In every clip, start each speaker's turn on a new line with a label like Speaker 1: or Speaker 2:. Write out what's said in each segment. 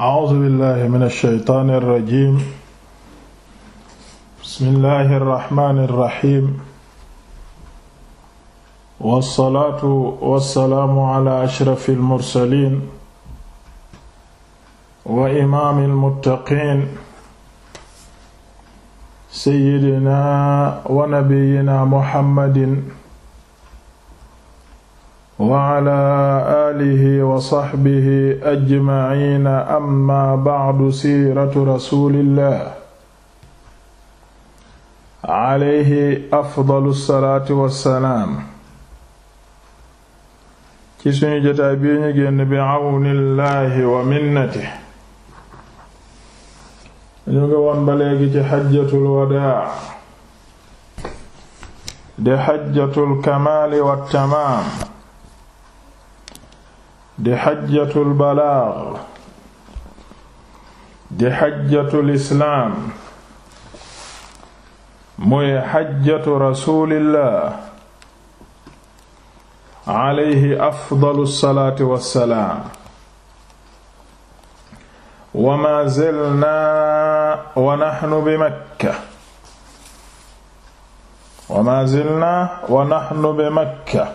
Speaker 1: a'uuzu billahi mina shaytaani rajiim bismillahi rahmaani rahiim wasalaatu wasalaamu ala ashrafil mursaliin wa imaamil muttaqiin sayyidinaa wa nabiyyinaa muhammadin wala alihi wa saxbihi ajmaina amma bacdu siiratu rasulillah alayhi afdalu salaati wassalaam ci suñu jotaay bi ñu génn bi awnillahi wa minnatihi ñu ngi woon ba léegi ci xajjatul wadaa de xajjatul kamaali wattamaam di xajjatul balaag di xajjatul islaam muy xajjatu rasulillah alayhi afdalu salaatu wassalaam wa maa zilnaa wa naxnu bi makka wa maa zilnaa wa naxnu bi makka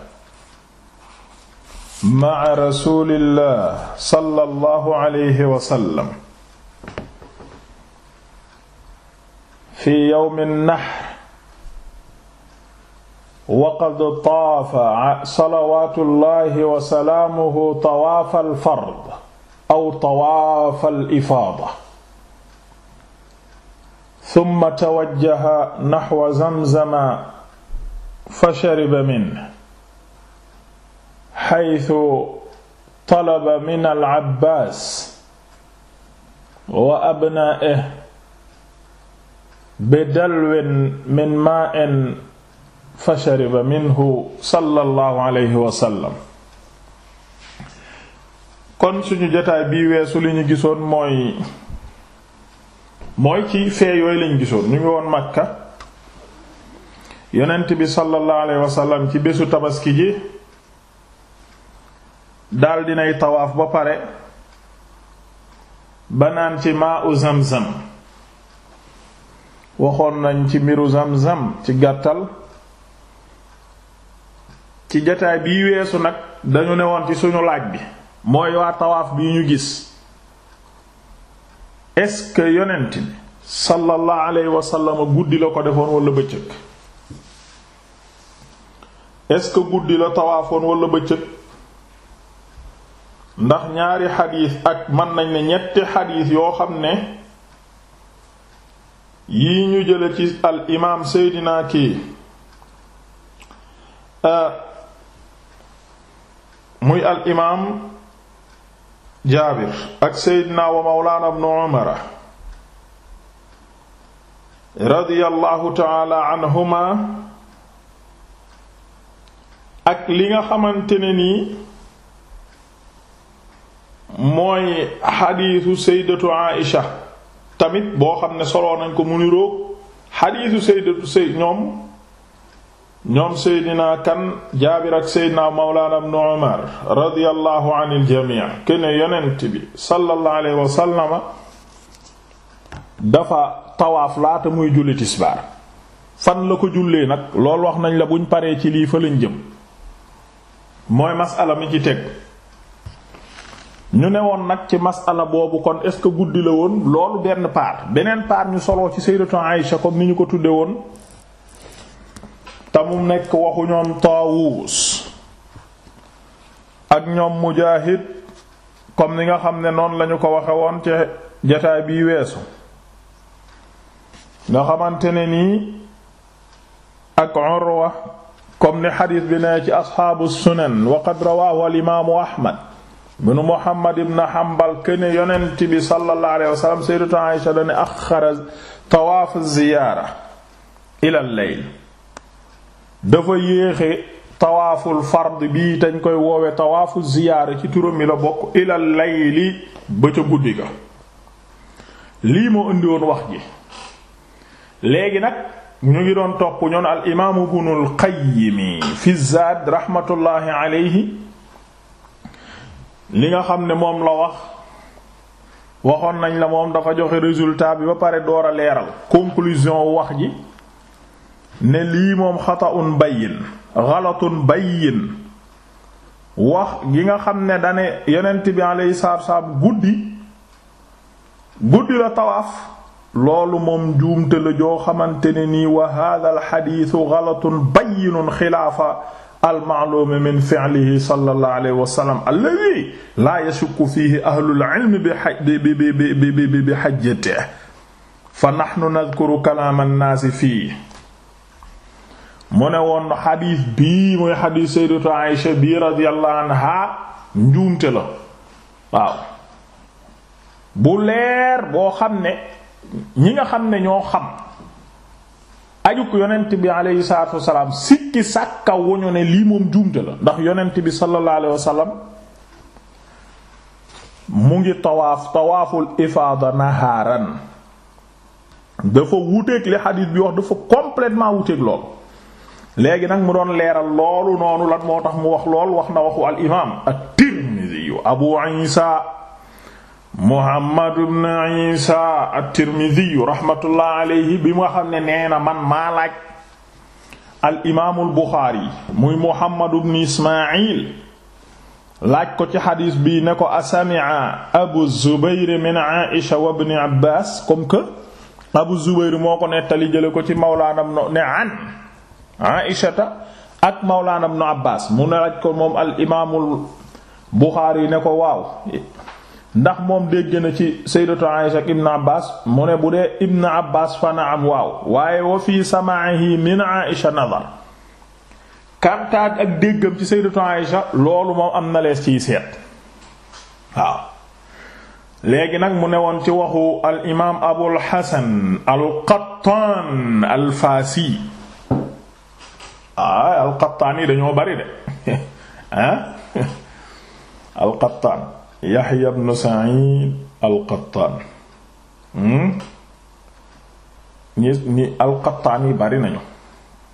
Speaker 1: ma'a rasulillah sallallahu alayhi wa sallam fi yawmin nahr wa qad taafa salawaatullahi wa salaamuhu tawaafal fard aw tawaafal ifaada summa tawajjaha naxwa zamzama fa shariba minhu xaytu talaba min al abbaas wa abnaa'ihi bidalwin min maa'in fa shariba minhu sallallahu alayhi wa kon suñu jotaay bii weesu li ñu gisoon mooy mooy ci fee yooyu lañu gisoon ñu ngi woon Makka yonent bi sallallahu alayhi wa ci bésu tabaski ji daldi dinay tawaaf ba pare ba naan ci maa u zamzam waxoon nañ ci mbiru zamzam ci gàttal ci jataay bii weesu nag dañu ne woon ci suñu laaj bi mooy waa tawaaf bi ñu gis est-ce que yonent bi sallallahu alayhi wa guddi la ko defoon wala bëccëg est-ce que guddi la tawaafoon wala bëccëg ndax ñaari xadiis ak mën nañ ne ñetti xadiis yoo xam ne yi ñu jële ci al imaam seydinaa kii euh, muy al imaam jaabir ak seydinaa wa mawlaana ibnu umara radiyallahu taala anhuma ak li nga xamante ne nii mooy xadiisu saydatu Aïcha tamit boo xam ne soloo nañ ko mu niroog xadiisu saydatu ñoom ñoom seydina kan jaabir ak seydina mawlaana ibnu umar radiyallahu anil jamii kene bi sallallahu alayhi dafa tawaaf laata muy julli tisbaar fan la ko jullee nag loolu wax nañ la buñ paree ci lii fa lañ jëm mooy masala mi ci teg ñu ne woon nag ci masala boobu kon est ce que guddi la woon loolu benn part beneen paat ñu soloo ci sayyidatu Aïsha comme ni ñu ko tudde woon te mu nekk waxu ñoom Taawus ak ñoom Mujaahid comme ni nga xam ne noonu lañu ko waxe woon ci jataay bii weesu nga xamante ne nii ak Urwa comme ni xadiis bi ne ci asxaabu sunan wa qad rawaahu al imaamu bunu Muhammad ibn Hanbal këne yonent bi sallallahu alayhi wa sallam sayyidatu Aisha ziyaara ilal layl dafa yéexe tawaaful fard bi dañ koy woowe tawaafu ziyaara ci turam mi la bokk ilal layli ba ca guddi ga lii moo indi woon wax ji léegi nag ñu ngi doon topp ñoon al imaamu ibnul Qayyim fi Zaad rahmatullahi alayhi li nga xam ne moom la wax waxoon nañ la moom dafa joxe résultat bi ba pare door a leeral conclusion wax ji ne lii moom xata'un bayyin ghalatun bayyin wax gi nga xam ne dane yeneen bi alayhi salaatu wassalaam guddi guddi la tawaaf loolu moom njuumte la joo xamante ne nii wa hadha al hadithu ghalatun xilaafa al-ma'lum min fi'lihi sallallahu alayhi wa sallam la yashukku fihi ahlul ilm bi bi bi bi bi hajjatihi fa nahnu nadhkuru kalam an-nas fii mu ne woon xadiis bii mooy xadiis anha njuumte la bu leer boo xam ne ñi nga xam ne ñoo xam ajuk yonent bi aleyhi salaatu wasalaam sikki sàkka woñu ne lii moom juumte la ndax yonent bi sallallahu alayhi wasallam mu ngi tawaaf tawaaful ifaada nahaaran dafa wuteeg li xadiis bi wax dafa complètement wuteeg lool léegi nag mu doon leeral loolu noonu lan moo tax mu wax lool wax na waxu al imaam at-Tirmidhi Abu Isa Muhammad ibn Isa at-Tirmidhi rahmatullah bi nga xam ne nee na man maa laaj al imaamul Buxaari muy Muhammad ibn Ismaa'il laaj ko ci xadiis bii ne ko asami'a Abu Zubayr min Aisha wa ibn Abbaas comme que Abu Zubayr moo ko nettali jële ko ci mawlaanam ne an Aishata ak mawlaanam no Abbaas mu ne laaj ko moom al imaamul Buxaari ne ko waaw ndax moom dégg na ci sayyidatu Aisha ak ibn Abbas mu ne bu dee ibn Abbas fa na am waaw waaye wa fii samaahi min Aisha nadar kartaaj ak déggam ci sayyidatu Aisha loolu moom am na lees ciy léegi nag mu ne woon ci waxu al imaam Abul yi dañoo bari de ah al Qattaan Yaxya ibn Sa'id al-Qattaan hmm? ñi ñi al-Qattaan yi bari nañu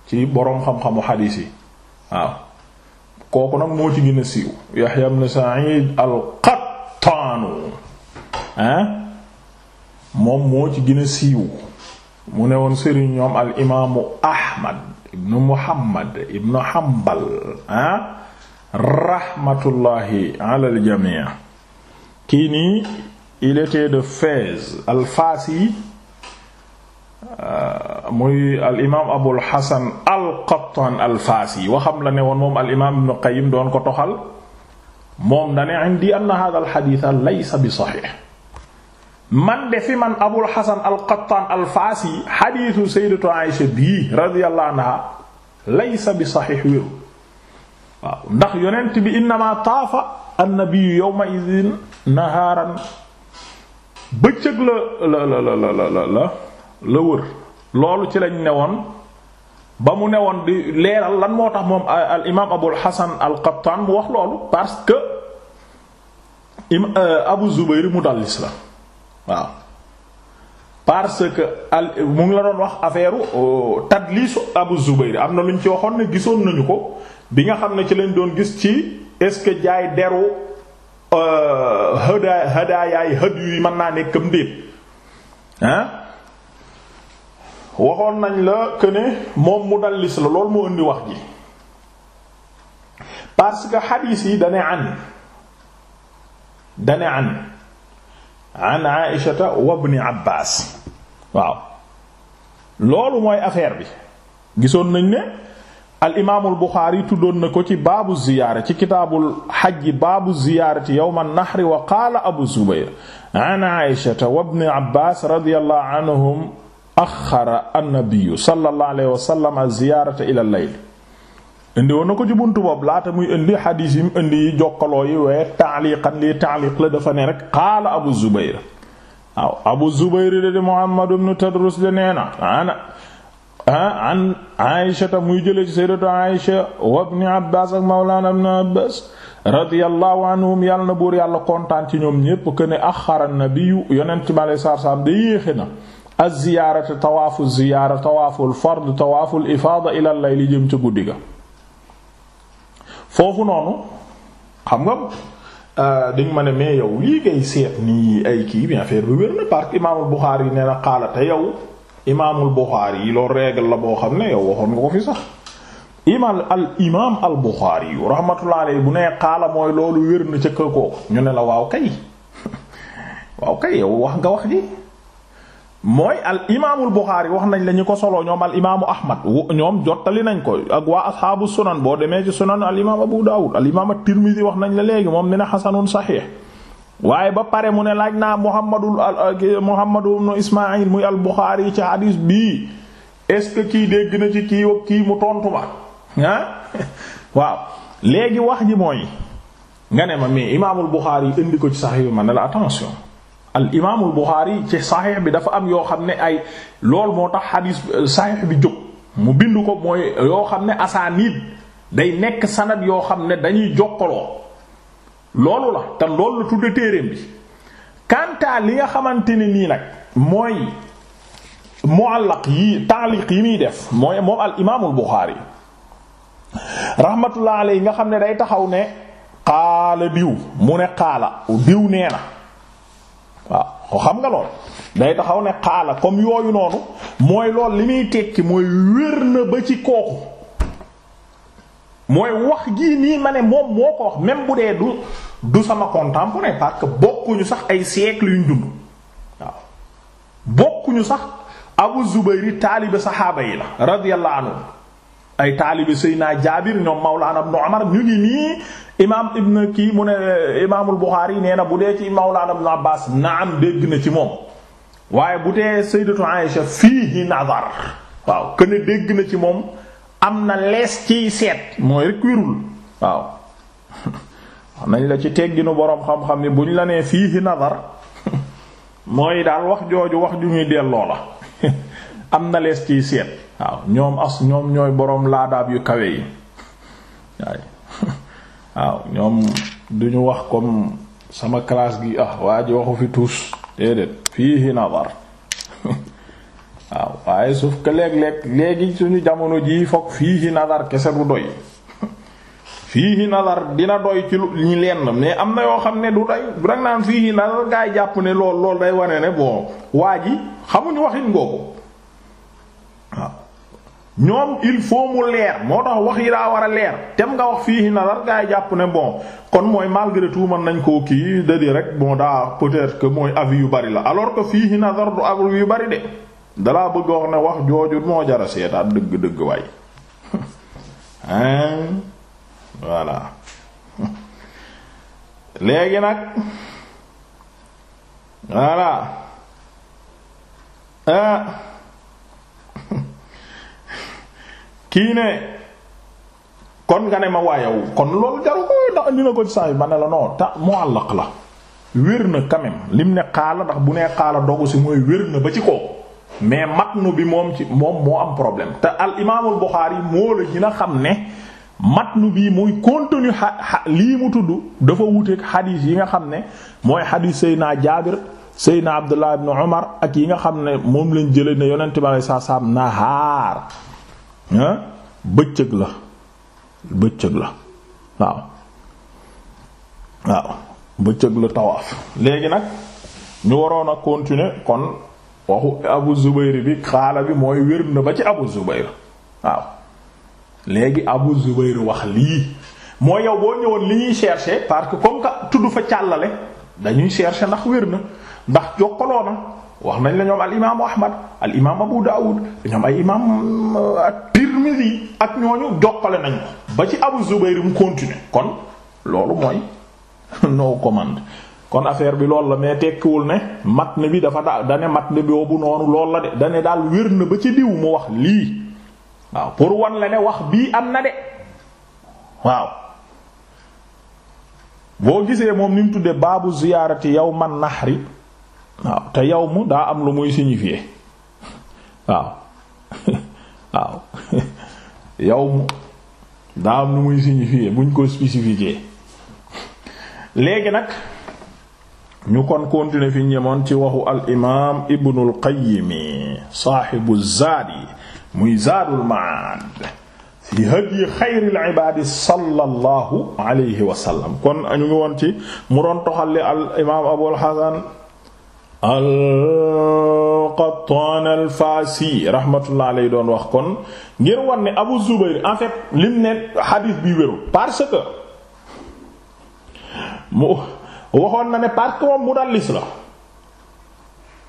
Speaker 1: ci boroom xam-xamu xadiis yi waaw kooku nag moo ci gën a siiw Yaxya ibn Sa'id al-Qattaanu moom moo ci gën a siiw mu ne woon sëriñ ñoom al imaamu Ahmad ibnu Muhammad ibnu Hanbal ah alal jamii kii nii il était de Fès al-Fassi euh, muy al imaam Abul Hasan al-Qattan al-Fassi waxam la ne woon moom al imaam Ibn Qayyim doon ko toxal moom da ne indi al-hadith laysa bi sahih man de fi man Abul Hasan al-Qattan al-Fassi hadithu sayyidatu Aisha bii radiyallahu anha laysa bi sahih waaw ndax yonent bi innama taafa an-nabiyyu yawma idhin naxaaran bëccëg la la la la la la wër loolu ci lañ woon ba mu newoon di leeral lan moo tax moom al imaam Abul Hasan al Qattan mu wax loolu parce que im euh, Abu Zubayr mudallis la waaw parce que al mu ngi la doon wax affaire euh, tadlisu Abu Zubayr am na lu ñu ci waxoon ne gisoon nañu ko bi nga xam ne ci lañ doon gis ci est-ce que jaay deru. hada euh, hadaayaay hëd yu mën naa nekkam déet ah waxoon nañ la que ne moom mudallis la loolu mu indi wax ji parce que xadiis yi dane an dane an an aishata wa ibn abbas waaw loolu mooy affaire bi gisoon nañ ne al imaamul Buxaari tuddoon na ko ci baabu ziyaara ci kitaabul xajji baabu ziyaarati yawma nahri wa qaala abu zubayr an aishata wa ibni abbas radiyallahu anhum axara annabiyu sallallahu alayhi wa sallam ziyaarata ila layl indi woon na ko ci buntu boobu laata muy indi xadiis yi mu indi yi jokkaloo yi waaye taaliqan lii taaliq la dafa ne rek qaala abu zubayr waaw abu zubayr de Muhammad ibn Tadrus de nee na ah an Aïchata muy jëlee ci sayyidatu Aïcha wa ibn Abbas ak mawlana ibn Abbas radiyallahu anhum yàlla na buur yàlla kontaan ci ñoom ñépp que ne axara nabiyu yonent bi alayhi salaatu salaam da yéexe na az-ziyaarata tawaafu ziyaara tawaaful fard tawaaful ifaada ila al-layl jëm ca guddi ga foofu noonu xam nga euh, dañ ma ne mais yow lii ngay seet nii ay kii bi affaire bi wér na Imaamul Buxaari nee na te yow. imaamul Buxaari yi loolu règle la boo xam ne yow waxoon nga ko fi sax imaam al imaam al Buxaari yu rahmatullah bu nee xaala mooy loolu wér na ca ko ñu ne la waaw kay waaw kay yow wax nga wax ji mooy al imaamul Buxaari wax nañ la ñu ko soloo ñoom al imaamu Ahmad ñoom jottali nañ ko ak waa asxaabu sunan boo demee ci sunan al imaam Abu Dawud al imaam at-Tirmidhi wax nañ la léegi moom ne na xasanun saxiix waaye ba pare mu ne laaj naa Muhammadul Muhammadu ibn Ismaïl muy al-Bukhari ci hadis bii est-ce que kii dégg na ci kii kii mu tontu ma waaw léegi wax ji mooy nga ne ma mais imaamul Bukhari indi ko ci saxiix bi ma ne la attention al imaamul Bukhari ci saxiix bi dafa am yoo xam ne ay lool moo tax hadis saxiix bi jóg mu bind ko mooy yoo xam ne asaanid day nekk sanad yoo xam ne dañuy jokkaloo. loolu la te loolu la tudde téereem bi kantaa li nga xamante ne nii nag mooy muallaq yi taaliq yi muy def mooy moom al imaamul Buxaari rahmatullah alayhi nga xam ne day taxaw ne xaala diw mu ne xaala diw nee na waaw xam nga lool day taxaw ne xaala comme yooyu noonu mooy lool li muy tekki mooy wér na ba ci kooku mooy wax jii nii ma ne moom moo ko wax même bu dee du du sama contemporain parce que bokkuñu sax ay siècle yuñ dund waaw bokkuñu sax Abu Zubayr taalibe saxaaba yi la radiyallahu anhu ay taalibe Seydina Jaabir ñoom Mawlana Ibn Umar ñu ngi nii imaam Ibn kii mu ne imaamul Buxaari nee na bu dee ci Mawlana Ibn Abbaas naam dégg na ci moom waaye bu dee Sayyidatu Aïsha fiihi nazar waaw kenn dégg na ci moom. am na lees ciy seet mooy rek waaw nañ la ci tegginu boroom xam-xam bu ñu la nee fii nazar mooy daal wax jooju wax ju ñuy delloo la am na lees ciy seet waaw ñoom as ñoom ñooy boroom laadaab yu kawe yi waaw ñoom duñu wax comme sama classe gi ah waa ji waxu fi tuus déedéet fii nazar waaw waaye sauf que léeg-léeg léegi suñu jamono jii fokk fiihi nazar kese du doy fiihi nazar dina doy ci ñi lenn mais am na yoo xam ne du doy rek naan fiihi nazar gaa yi jàpp ne lool lool day wane ne bon waa ji xamuñu waxin googu waaw ñoom il faut mu leer moo tax wax yi daa war a leer tem nga wax fiihi nazar gaa jàpp ne bon kon mooy malgré tout mën nañ koo kii dadi rek bon daa peut-être mooy avis yu bari la alors que fiihi nazar du avis yu bari de. dalaa bëgg wax ne wax jooju moo jara seetaat dëgg-dëgg waay voilà léegi nag voilà kii ne kon nga ne ma waayaw kon loolu jaru ko ndax andi na ko saa yi ma ne la non ta muallaq la wér na quand même lim ne xaala ndax bu nee xaala dogu si mooy wér na ba ci kooku mais matnu bi moom ci moom moo am problème te al imaamul Buxaari moo la gën xam ne matnu bii muy contenu lii mu tudd dafa wuteeg xadiis yi nga xam ne mooy xadiis Seydina Jaabir Seydina Abdullah ibn Umar ak yi nga xam ne moom lañ jëlee ne yonent bi saa saam nahaar bëccëg la bëccëg la waaw waaw bëccëg la tawaaf léegi nag ñu waroon a continuer kon. waxu abu zubayr bi xaala bi mooy wér na ba ci abu zubayr waaw léegi abu zubayr wax lii mooy yow boo ñëwoon li ñuy chercher parce que comme que tudd fa càllale dañuy chercher ndax wér na ndax jokkaloo na wax nañ la ñoom al imaamu ahmad al imaam abu daawud ñoom ay imaam euh, at-tirmidhi ak ñooñu jokkale nañ ko ba ci abu zubayr mu continuer kon loolu mooy no commande kon affaire bi loolu la mais tekkiwul ne matn bi dafa daal dane matn boobu noonu lool la de dane daal wér na ba ci diw mu wax lii waaw pour wan la ne wax bii am na de waaw boo gisee moom ni mu tuddee baabu ziyaarati yawman nahri waaw te yow mu daa am lu muy signifier waaw waaw lu muy signifier buñ ko spécifier léegi nag ñu kon continuer fi ñemoon ci waxu al imaam Ibnul Qayyim saaxibu zaadi muy zaadul maad fi hadyi xayril ibaadi sallallahu alayhi wa sallam kon ñu ngi woon ci mu doon toxal li al imaam Abul Hasan al-Qattaan al-Faasi rahmatullah doon wax kon ngir wan ne Abu Zubayr en fait lim ne xadiis bi wérul parce que waxoon na ne parce mu moom la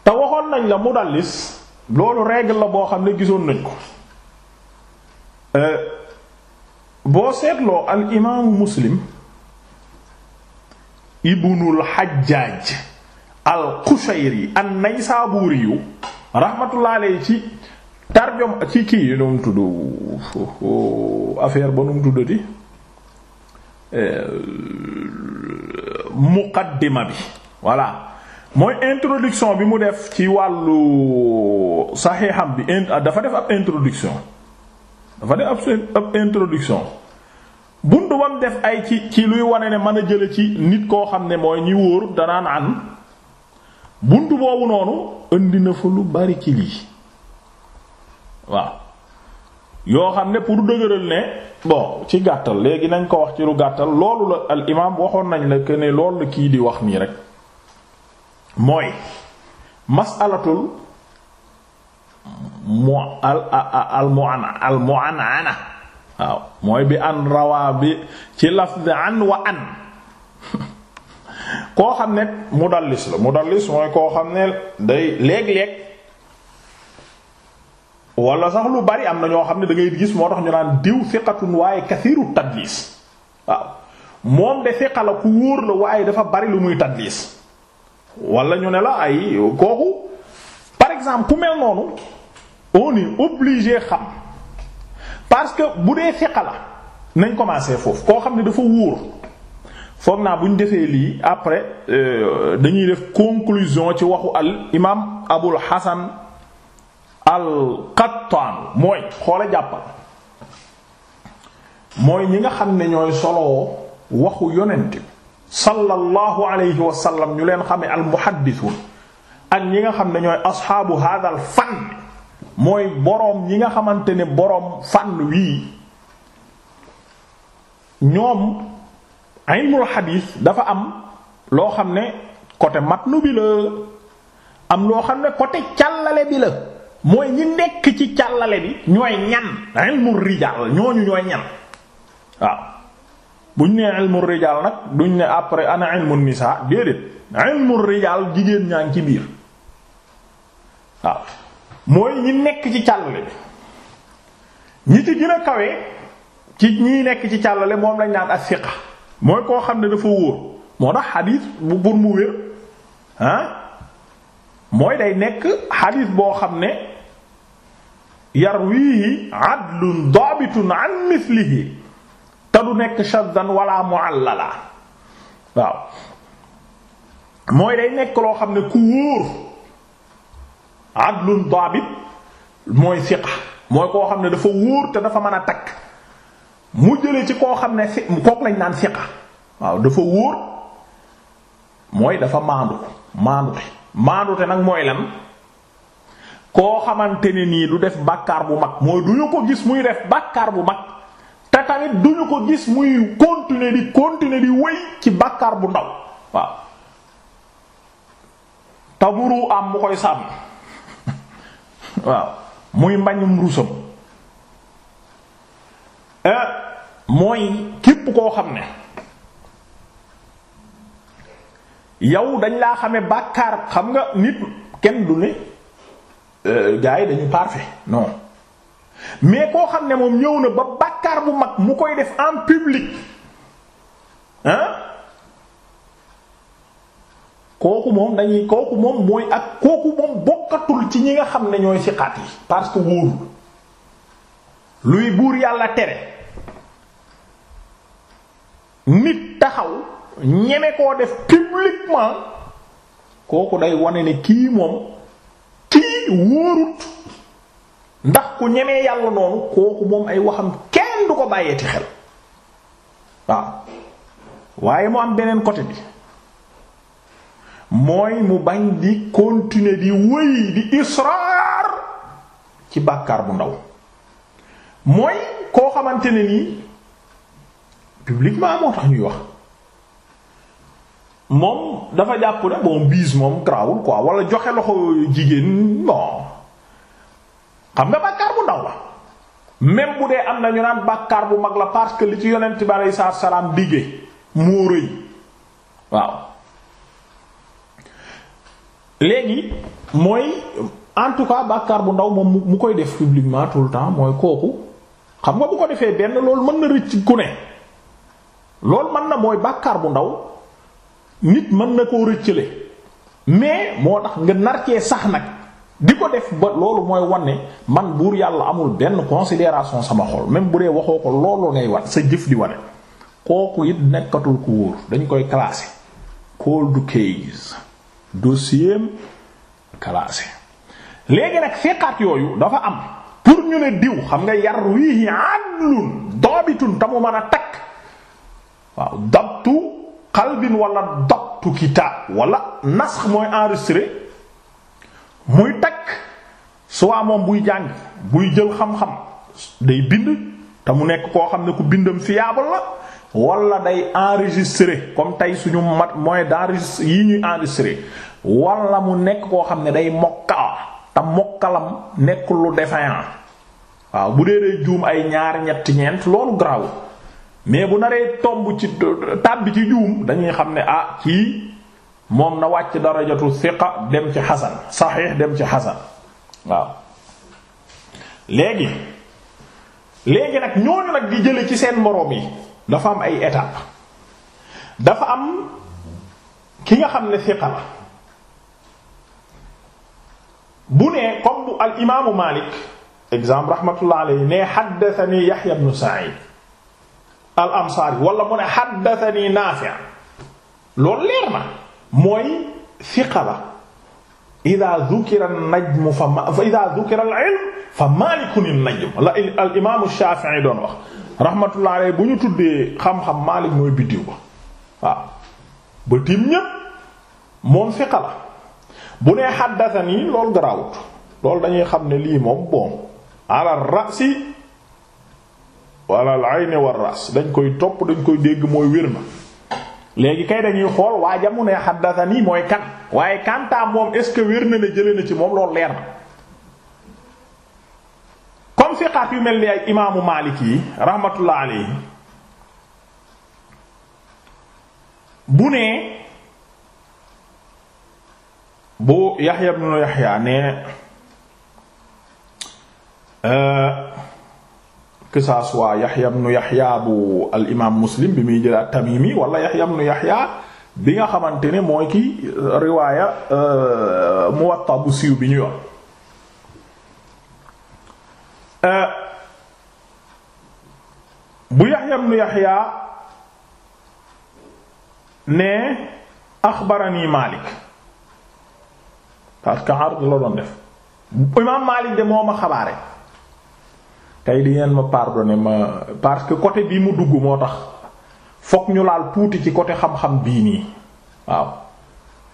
Speaker 1: te waxoon nañ la mudallis loolu règle la boo xam ne gisoon nañ ko euh, boo seetloo al imaamu muslim ibnul xajjaaj al qushayri an naysaburi yu rahmatullahi alayhi ci tarjom ci kii nu mu tudd affaire ba nu mu tuddati euh, muqaddima bi voilà mooy introduction bi mu def ci wàllu saxiixam bi dafa def ab introduction dafa def ab introduction bunt ba mu def ay ci ci luy wane ne mën a jële ci nit koo xam ne mooy ñuy wóor danaan naan bunt boobu noonu indi na fa lu bari ci lii waaw yoo xam ne pour dëgëral ne bon ci gàttal léegi nañ ko wax ci lu gàttal loolu la al imaam waxoon nañ la que ne loolu kii di wax mii rek mooy masalatul mu al al mu an ana waaw mooy bi an rawaa bi ci lafz an wa an koo xam ne mudallis la mudallis mooy koo xam ne day léeg-léeg wala sax lu bari am na ñoo xam ne da ngay gis moo tax ñu naan diw siqatun waaye kasiiru tadlis waaw moom de siqa la ku wóor la waaye dafa bari lu muy tadlis wala ñu ne la ay kooku par exemple ku mel noonu on est obligé xam parce que bu dee siqa la nañ commencer foofu koo xam ne dafa wóor foog naa bu ñu defee lii après euh, dañuy def conclusion ci waxu al imaam Abul Hasan alqattaan mooy xoola jàppal mooy ñi nga xam ne ñooy soloo waxu yonent bi sallallahu alayhi wa sallam ñu leen xamee almuhaddisuun ak ñi nga xam ne ñooy asxaabu haadal fànn mooy boroom ñi nga xamante ne boroom fànn wii ñoom ilmul xadiis dafa am loo xam ne côté matnu bi la am loo xam ne côté càllale bi la mooy ñi nekk ci càllale bi ñooy ñan ilmu rijaal ñooñu ñooy ñan waaw buñ nee ilmu rijaal nag duñ ne après ana ilmu nisaa déedéet ilmu rijaal jigéen ñaa ngi ci biir waaw nekk ci càllale bi ñi ci gën ci ñi nekk ci càllale moom lañ naan asiqa mooy koo xam ne dafa wóor moo tax xadiis bu pour mu wér ah mooy day nekk xadiis boo xam ne wii yarwihi adlun daabitun an mislihi te du nekk shaddan wala muallala waaw mooy day nekk loo xam ne ku wóor adlun daabit mooy siqa mooy koo xam ne dafa wóor te dafa mën a takk mu jëlee ci koo xam ne si kook lañ naan siqa waaw dafa wóor mooy dafa maandu maandute maandute nag mooy lan koo xamante ne nii du def bàkkaar bu mag mooy du ñu ko gis muy def bàkkaar bu mag te tamit du ñu ko gis muy continuer di continuer di wéy ci bàkkaar bu ndaw waaw taburu am mu koy sàmm waaw muy mbañum rusam eh, mooy képp koo xam ne yow dañ laa xame bàkkaar xam nga nit kenn du ne Euh, gars yi dañu parfait non mais koo xam ne moom ñëw na ba bàkkaar bu mag mu koy def en public hein kooku moom dañuy kooku moom mooy ak kooku moom bokkatul ci ñi nga xam ne ñooy siqaat yi parce que wóorul luy buur yàlla tere nit taxaw ñeme koo def publiquement kooku day wane ne kii moom kii wóorut ndax ku ñemee yàlla noonu kooku moom ay waxam kenn du ko bàyyeeti xel waaw waaye mu am beneen côté bi mooy mu bañ di continuer di wëy di israar ci bàkkaar bu ndaw mooy koo xamante ne nii publiquement moo tax ñuy wax moom dafa jàpp ne bon biis moom grawul quoi wala joxe loxo jigéen non xam nga bàkkaar bu ndaw la même mu dee am na ñu naan bàkkaar bu mag la parce que li ci yonent bi aleyhi salaatu salaam dige moo rëy waaw léegi mooy en tout cas bàkkaar bu ndaw moom mu koy def publiquement tout le temps mooy kooku xam nga bu ko defee benn loolu mën na rëcc ku ne loolu mën na mooy bàkkaar bu ndaw. nit mën na koo rëccale mais moo tax nga narcee sax nag di ko def ba loolu mooy wanne man buur yàlla amul benn considération sama xol même bu dee waxoo ko loolu ngay wan sa jëf di wane kooku it nekkatul ku wóor dañ koy classé cold case dossier classé léegi nag fiqaat yooyu dafa am pour ñu ne diw xam nga yar wii adlun doobitun te mu mën a takk waaw dabtu xalbin wala dabtu kitaab wala nasx mooy enregistré muy takk soit moom buy jàng buy jël xam-xam day bind te mu nekk koo xam ne ku bindam fiable la wala day enregistré comme tey suñu mat mooy d'enregistré yi ñuy enregistré wala mu nekk koo xam ne day mokkal te mokkalam nekk lu défaillant waaw bu dee day juum ay ñaari ñetti ñeent loolu garaawul mais bu naree tomb ci tàbbi ci juum dañuy xam ne ah kii moom na wàcc darajatu thiqa dem ci xasan saxiix dem ci xasan waaw léegi léegi nag ñooñu nag di jële ci seen moroom yi dafa am ay étape dafa am ki nga xam ne thiqa la bu ne comme bu al imaamu Maalik exemple rahmatullah alayhi ne haddathani Yahya ibn Sa'id al ansaari wala mu ne haddathani Naafi' loolu leer mooy siqa la ida dhukira an-najm fa ida dhukira al-ilm fa maalikun an-najm la al imaamu doon wax rahmatullahi alayhi bu ñu tuddee xam-xam Maalik mooy biddiw ba waaw ba tiim ñépp moom siqa la bu nee haddathani loolu garaawut loolu dañuy xam ne lii moom bon ala ra'si wala al ayni war ras dañ koy topp dañ koy dégg mooy wér na léegi kay dañuy xool waa jamu ne xaddatani mooy kan waaye kantaa moom est-ce wér na ne jële na ci moom loolu leer na comme fiqaat yu mel ni ay imaamu Maalik yi rahmatullah alayhi bu nee bu Yaxya ibnu Yaxya ne euh, que ça soit Yahya ibn Yahya bu al imaam Muslim bi muy jël tamimi wala Yahya ibn Yahya bi nga xamante ne mooy ki euh, riwaaya euh, Muwatta bu siiw bi ñu yor euh, bu Yahya ibn Yahya ne axbarani Maalik parce que ard la doon def imaam Maalik de moo ma xabaare tey di ngeen ma pardonner ma parce que côté bii mu dugg moo tax fokk ñu laal tuuti ci côté xam-xam bii nii waaw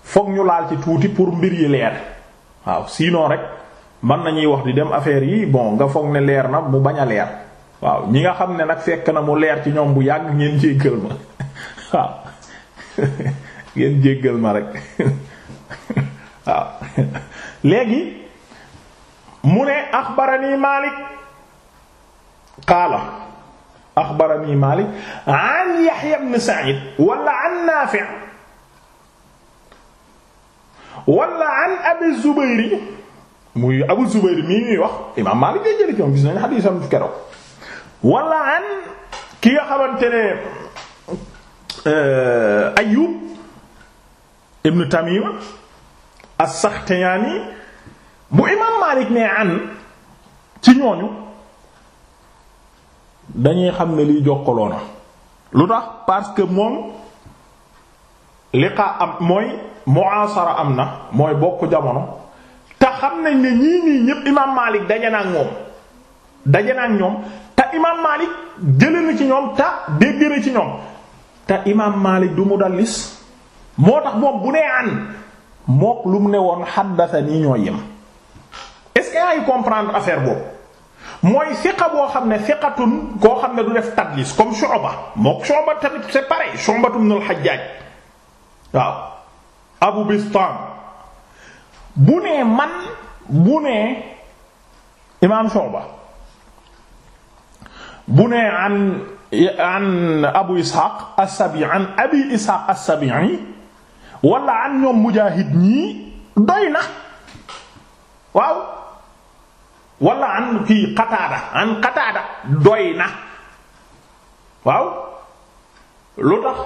Speaker 1: fokk ñu laal ci tuuti pour mbir yi leer waaw sinon rek mën nañuy wax di dem affaire yi bon nga foog ne leer na mu bañ a leer waaw ñi nga xam ne nag fekk na mu leer ci ñoom bu yàgg ngeen jéggal ma waaw ngeen jéggal ma rek waaw léegi mu ne axbarani Maalik qaala axbarani Maalik an Yahya ibn Sa'id wala an Naafi' wala an Abi Zubayr muy Abu Zubayr mii ñuy wax imaam Maalik day jëli ci moom gis nañu hadiisam keroog wala an ki nga xamante ne euh, Ayyub ibn Tamima as-Saxtiyaani bu imaam Maalik ne an ci ñooñu. dañuy xam ne liy jokkaloo na lu tax parce que moom liqaa am mooy mu'asara am na mooy bokk jamono te xam nañ ne ñii nii ñépp imaam Maalik daje na ak ñoom te imaam Maalik jëlee na ci ñoom te dégg na ci ñoom te imaam Maalik du mudallis moo tax moom bu nee an mook lu mu ne woon xaddasa nii ñoo yem est-ce que ay comprendre affaire boobu. mooy siqa boo xam ne siqatun koo xam ne du def tadlis comme Shu'ba mook Shu'ba tamit c'est pareil Shu'ba ibn hajjaj Abu Bistam bu nee man bu nee imaam Shu'ba Abu Ishaq as-Sabi'i Ishaq as-Sabi'i wala an ñoom Mujaahid doy na waaw wala an kii qataada an qataada doy na waaw lu tax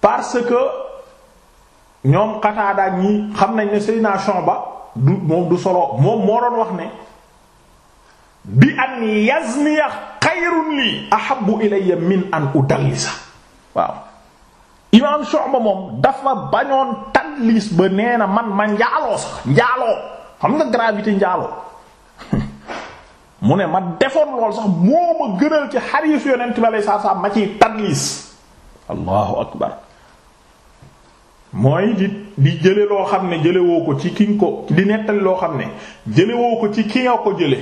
Speaker 1: parce que ñoom qataada ñi xam nañ ne Seydina ba du moom du solo moom moo doon wax ne bi an yazniya xayrun lii ahabbu ilayya min an udallisa waaw imam Shu'ba moom dafa bañoon tadlis ba nee na man ma njaaloo sax njaaloo xam nga gravité njaaloo mu ne ma defoon lool sax moo ma gënal ci xariis yonent bi alay saa ma ciy tadlis allahu akbar mooy di di jële loo xam ne jëlewoo ko ci ki ko di nettali loo xam ne jëlewoo ko ci ki nga ko jële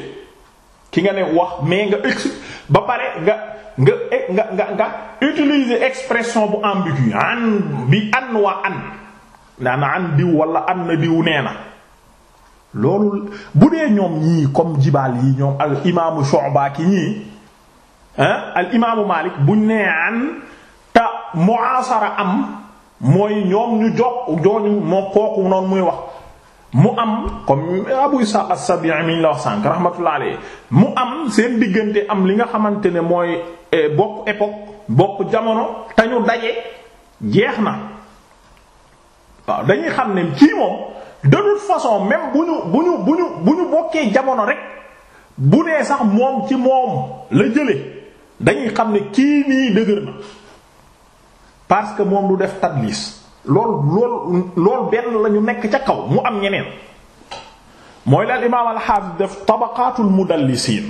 Speaker 1: ki nga ne wax mais nga ex ba pare nga nga nga nga nga expression bu ambiguë an bi an waa an naan an diw wala an na diw nee na loolu bu dee ñoom ñii comme jibaal yi ñoom al imaamu Shu'ba ki ñii al imaamu Maalik buñ nee an te mu'asara am mooy ñoom ñu jokk jooñu moo kooku noonu muy wax mu am comme Abu Ishaq as-Sabi'i mi la wax sànq rahmatullah mu am seen diggante am li nga xamante ne mooy eh, bokk époque bokk jamono te ñu daje jeex na waaw dañuy xam ne kii moom. de façon même bu ñu bu ñu bokkee jamono rek bu nee sax moom ci moom la jële dañuy xam ne kii nii dëgër na parce que moom du def tadlis lool lool benn la ñu nekk ca kaw mu am ñeneen mooy la imaam al-Hafiz def tabaqaatul mudallisiin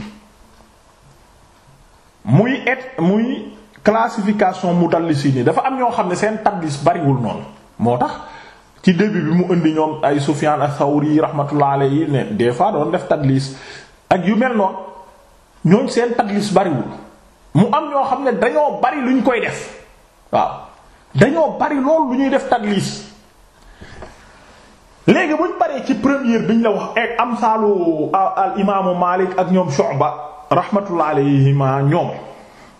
Speaker 1: muy et muy classification mudallisiin yi dafa am ñoo xam ne seen tadlis bariwul noonu moo tax ci début bi mu indi ñoom ay Sufyaan ak Sawri yi rahmatullah alayhi ne des fois doon def tadlis ak yu mel noonu ñooñ seen tadlis bariwul mu am ñoo xam ne dañoo bari lu ñu koy def waaw dañoo bari lool lu ñuy def tadlis léegi buñ paree ci première biñ la wax ak am saalu al imaamu Maalik ak ñoom Shu'ba rahmatullah alayhima ñoom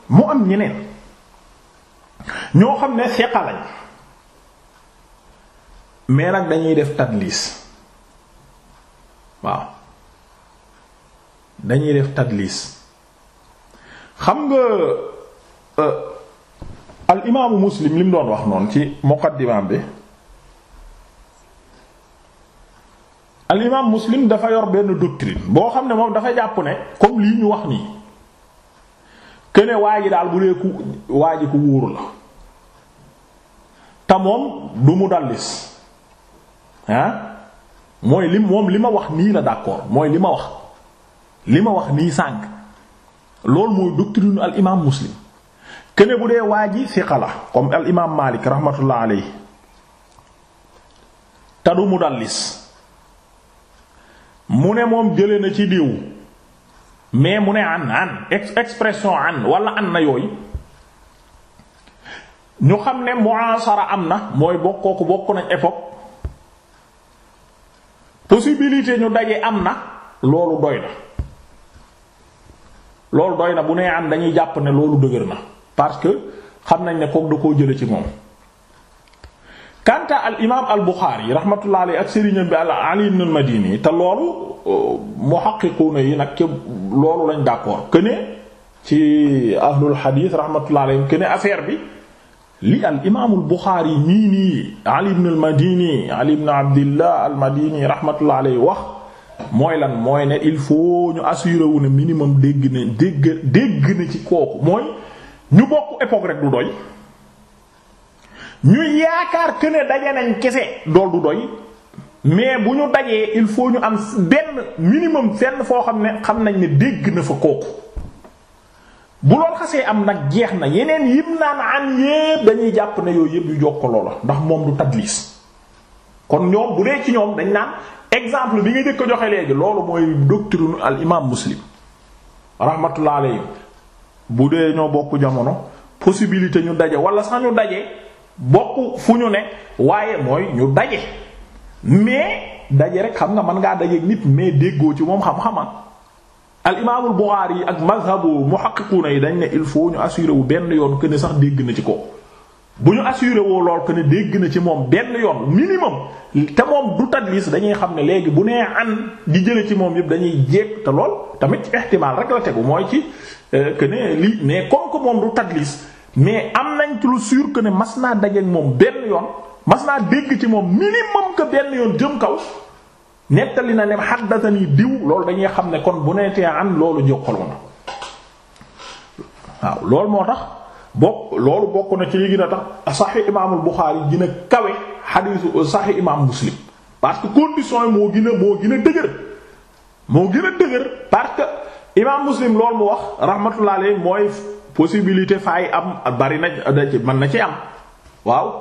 Speaker 1: mu am ñeneen ñoo xam ne seqa lañ mais nag dañuy def tadlis waaw dañuy def tadlis xam nga euh, al imaamu muslim li mu doon wax noonu ci muqaddimaam bi al imaam muslim dafa yor benn doctrine boo xam ne moom dafa jàpp ne comme lii ñu wax nii que ne ji daal bu dee ku waa ji ku wóor la te moom du mu dallis mooy li moom li ma wax nii la d'accord mooy li ma wax li ma wax nii sànq loolu mooy doctrine al imaam muslim kene bu dee waa ji siqa la comme al imaam Maalik rahmatullah alayhi tadu mudallis mu ne moom jële na ci diw mais mu ne an an expression an wala an na yooyu ñu xam ne mu'asara am na mooy bokkooku bokk nañ époque possibilité ñu daje am na loolu doy na loolu doy na bu nee am dañuy jàpp ne loolu dëgër na parce que xam nañ ne kook da koo jële ci moom kanta al imaam al Buxaari rahmatullah alayhi ak sëriñam bi al Ali ibn al Madini te loolu euh, muhaqqiquna yi nag ke loolu lañ d'accord que ne ci ahlul hadith rahmatullah alayhi que ne affaire bi li al imaam al Buxaari nii nii Ali ibn al Madini Ali ibn Abdillah al Madini rahmatullah wax mooy lan mooy ne il faut ñu assuré wu ne minimum dégg na dégg dégg na ci kooku mooy ñu bokk époque rek du doy ñuy yaakaar que ne daje nañ kese dool du doy mais bu ñu dajee il faut ñu am benn minimum fenn foo xam ne xam nañ ne dégg na fa kooku. bu lool xasee am nag jeex na yeneen yim naan am yépp dañuy jàpp ne yooyu yépp yu jokkaloo la ndax moom du tadlis kon ñoom bu dee ci ñoom dañ naan exemple bi nga jëkk a joxe léegi loolu mooy doctrine al imam muslim rahmatullah alayhi bu dee ñoo bokk jamono possibilité ñu daje wala sax ñu daje bokk fu ñu ne waaye mooy ñu daje mais daje rek xam nga mën ngaa dajeeg nit mais déggoo ci moom xam-xama al imaamul Buxaari yi ak mazhabu muhaqqiquna yi dañ ne il faut ñu assuré wu benn yoon que ne sax dégg na ci ko bu ñu assuré woo lool que ne dégg na ci moom benn yoon minimum te moom du tadlis dañuy xam ne léegi bu nee an di jële ci moom yëpp dañuy jéeg te lool tamit ci ihtimaal rek la tegu mooy ci euh, que ne lii mais kooku que moom du tadlis mais am nañ ci lu sûr que ne mas naa dajeeg moom benn yoon mas naa dégg ci moom minimum que benn yoon jëm kaw nettali na ne xaddatani diw loolu dañuy xam ne kon bu neetee an loolu jokkolu na waaw loolu moo tax bokk loolu bokk na ci li gën a tax saxi imaamul Buxaari gën a kawe xadiisu saxi imaam Muslim parce que condition yi moo gën a moo gin a dëgër moo gën a dëgër parce que imaam Muslim loolu mu wax rahmatullah mooy possibilité faay am bari na da ci mën na ci am waaw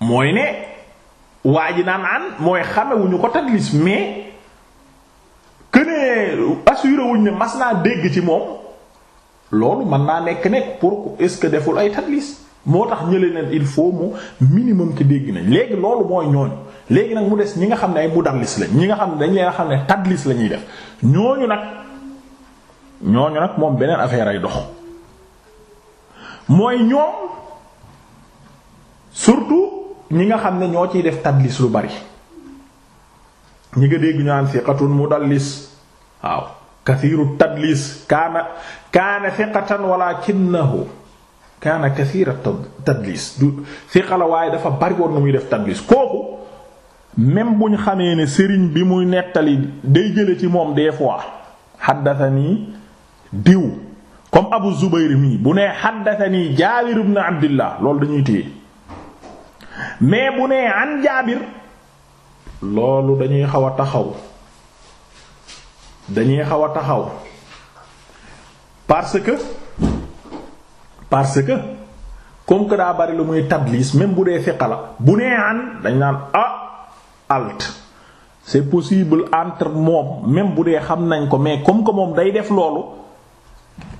Speaker 1: mooy ne waa ji naan an mooy xamewuñu ko tadlis mais que ne assuré wuñ ne mas naa dégg ci moom loolu mën naa nekk nekk pour est-ce que deful ay tadlis moo tax ñële ne il faut mu minimum te dégg nañ léegi loolu mooy ñooñu léegi nag mu des ñi nga xam ne ay mudallis lañ ñi nga xam ne dañ leen xam ne tadlis la ñuy def ñooñu nag ñooñu nag moom beneen affaire ay dox mooy ñoom surtout. ñi nga xam ne ñoo ciy def tadlis lu bari ñi nga dégg ñu mu siqatun mudallis waaw kathiru tadlis kaana kaana siqatan walakinahu kaana kathira tadlis du siqa waaye dafa bari woon na muy def tadlis kooku même bu ñu xamee ni sëriñ bi muy nettali day jële ci moom des fois xaddathani diw comme abu zubayr mi bu nee xaddathani jaabir ibn abdillah loolu dañuy téye mais bu nee an jaabir loolu dañuy xaw a taxaw dañuy xaw a taxaw parce que parce que comme que daa bari lu muy tadlis même bu dee fiqa la bu nee an dañ naan ah alt c'est possible entre moom même bu dee xam nañ ko mais comme que moom day def loolu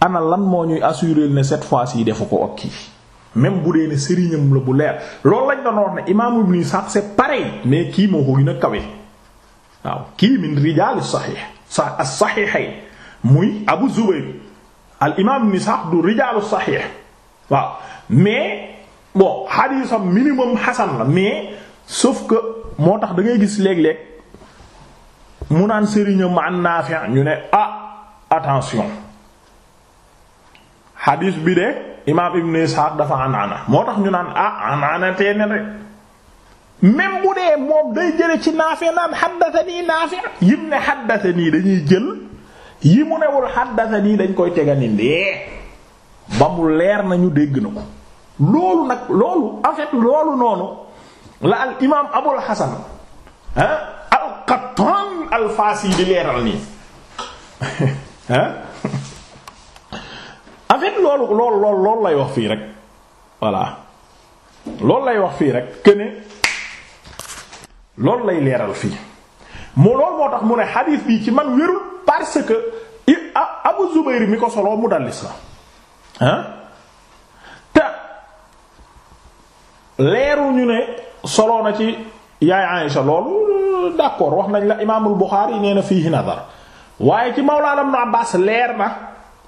Speaker 1: ana lan moo ñuy assurer ne cette fois-ci defu ko okki même bu dee ne sëriñam la bu leer loolu lañ doon wax ne imaamu ibn Ishaq c'est pareil mais kii moo ko gën a kawe waaw kii min rijaal saxiix sa as-saxiixayn muy Abu Zubayr al imaam ibn Ishaq du rijaalu saxiix waaw mais bon xadiisam minimum xasan la mais sauf que moo tax da ngay gis léeg-léeg mu naan sëriñam an Naafi' ñu ne ah attention. xadiis bi de imaam ibn Ishaq dafa anaana moo tax ñu naan ah anaana tee ne rek même bu dee moom day jële ci naafi naan xaddatanii naafi yim ne xaddatanii dañuy jël yi mu newul xaddatanii dañ koy teganindee ba mu leer nañu dégg na ko loolu nag loolu en loolu noonu la al imaam abul hasan ah, al qattan al faasi di leeral nii ah? en fait loolu loolu loolu loolu lay wax fii rek voilà loolu lay wax fii rek que ne loolu lay leeral fii mu loolu moo tax mu ne xadiis bi ci man wérul parce que Abu Zubayr mi ko soloo mudallis la ah te leeru ñu ne soloo na ci yaay Aïsha loolu d'accord wax nañ la imaamul Buxaari nee na fiihi nadar waaye ci Mawlaana Ibn Abbaas leer na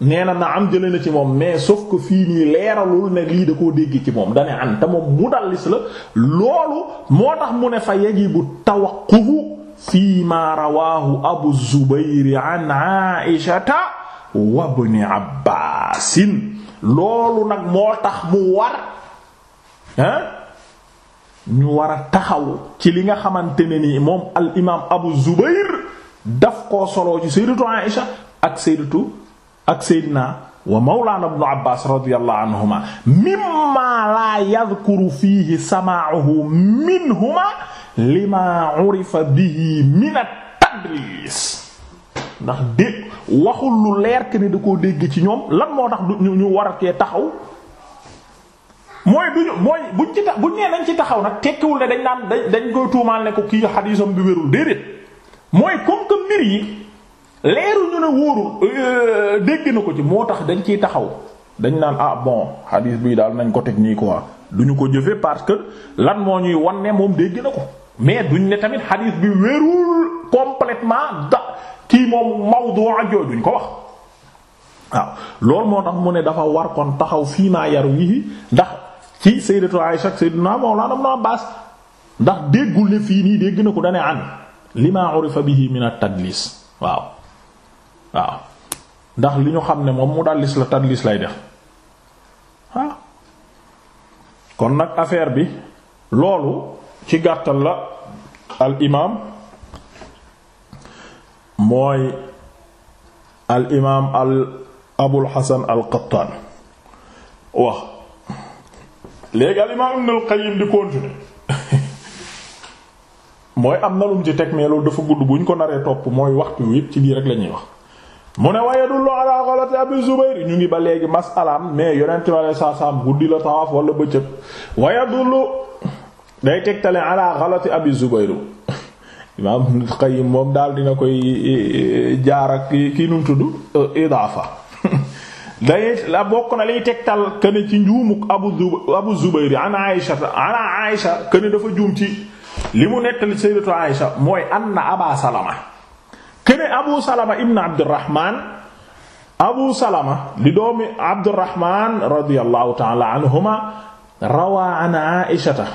Speaker 1: nee na na am jëlee na ci moom mais sauf ko fii nii leeralul ne lii da koo dégg ci moom dane an te moom mudallis la loolu moo tax mu ne fa bu tawaqquhu fii ma rawaahu abu zubayr an aishata wa ibn abbaasin loolu nag moo tax mu war ah ñu war a taxaw ci li nga xamante ne nii moom al imaam Abu Zubayr daf koo soloo ci sayyidatu Aïsha ak sayyidatu ak Seydina wa mawlaana ibnu Abbaas radiyallahu anhuma mimma laa yadkuru fiihi samaa'uhu minhuma lima urifa bihi min at-tadliis ndax dé waxul lu leer que ne da ko dégg ci ñoom lan moo tax du ñu war a cee taxaw mooy duñu mooy buñ ci tax buñ nee nañ ci taxaw nag tekkiwul ne dañ naan dañ koy tuumaal ne ko kii xadiisam bi wérul déedéet mooy comme que mbir yi leeru ñu ne wóorul euh, dégg na ko ci moo tax dañ ciy taxaw dañ naan ah bon hadis bii daal nañ ko teg nii quoi du ñu ko jëfee parce que lan moo ñuy wan ne moom dégg na ko mais duñ ne tamit hadis bi wérul complètement da kii moom mawdu ajoo duñ ko wax. waaw loolu moo tax mu ne dafa war kon taxaw fii maa yaru wii ndax ci sayyidatu Aisha sayyiduna mawlana Ibn Abbas ndax déggul ne fii nii dégg na ko dane an lima urifa bihi min at-tadlis waaw. waaw ndax li ñu xam ne moom mu dallis la tadlis lay def kon nag affaire bi loolu ci gàttal la al imaam mooy al imaam al abul hasan al qattaan wax léegi al imaam ibn al qayyim di continuer mooy am na lum ci teg mais loolu dafa gudd bu ñu ko naree topp mooy waxtu wi ci biir rek lañuy wax mu ne waaye du loo ala xalati ñu ngi ba léegi masalaam mais yonent bi alei guddi la tawaaf wala bëccëg waaye du lu day tegtale ala xalati abi imaam Ibn moom daal dina koy e, e, jaar ak kii nu mu tudd day la bokk na liy tegtal këne ci njuumuk abu abu zubayr an Aïsha këne dafa juum ci li mu nettali sayyidatu Aïsha mooy anna aba salama kene Abu Salama ibn Abdurrahman Abu Salama di doomi Abdurrahman radiyallahu ta'ala anhuma rawaa an Aishata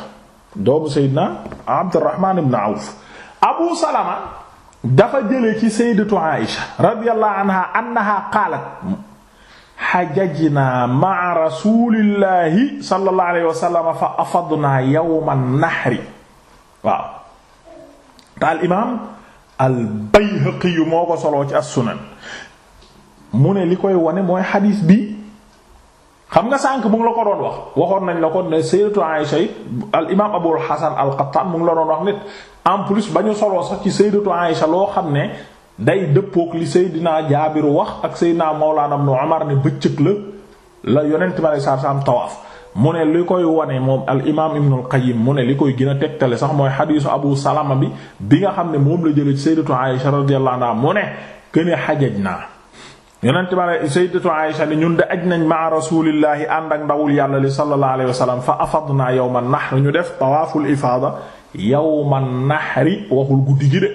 Speaker 1: doomu Seydina Abdurrahman ibn Awf Abu Salama dafa jële ci sayyidatu Aisha radiyallahu anha annaha qaalat xajajna ma'a rasulillahi sallallahu alayhi wa sallam fa afadna yawma nahri waaw taal imaam al bayhaqi yu moo ko soloo ci as mu ne li koy wane mooy xadiis bi xam nga sànq mu ngi la ko doon wax waxoon nañ la ko ne sayyidatu Aïsha it al imaam Abul xasan al Qattan mu ngi la doon wax nit en plus ba ñu soloo sax ci sayyidatu Aïsha loo xam ne day dëppook li dinaa Jaabiru wax ak Seydina Mawlana Ibn Umar ne bëccëg la la yonent ma lay saar saam tawaaf mu ne li koy wone moom al imaam Ibnul Qayyim mu ne li koy gën a tegtale sax mooy xadiisu Abu Salama bi bi nga xam ne moom la jëlee Sayyidatu Aisha radiyallahu anha mu ne këne naa yonent bi Sayyidatu Aisha ñun de aj nañ ma rasulillahi ànd ak ndawul yàlla li sallallahu alayhi wa sallam fa afadnaa yawma nahr ñu def tawaaful ifaada yawma nahri waxul guddi gi de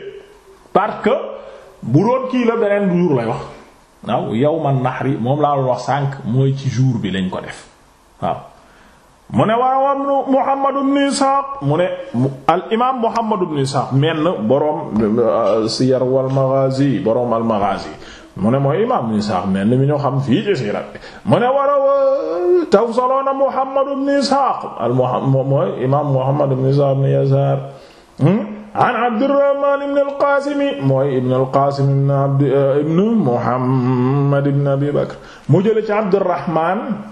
Speaker 1: parce que bu doon kii la lay wax waaw yawma nahri moom laa doon wax sànq mooy ci jour bi lañ ko def waaw mu ne waaw Muhammad ibn Ishaq mu ne al imaam Muhammad ibn Ishaq menn boroom euh, siyar wal maghazi boroom al maghazi mu ne mooy imaam ibn Ishaq menn mi ñoo xam fii ci siira mu ne waraw taw soloona Muhammad ibn Ishaq al mooy imaam Muhammad ibn Ishaq ibn Yasaar hmm? an Abdurrahman ibn al-Qasim mooy ibn al-Qasim euh, ibn Muhammad ibn Abi Bakr mu jële ci Abdurrahman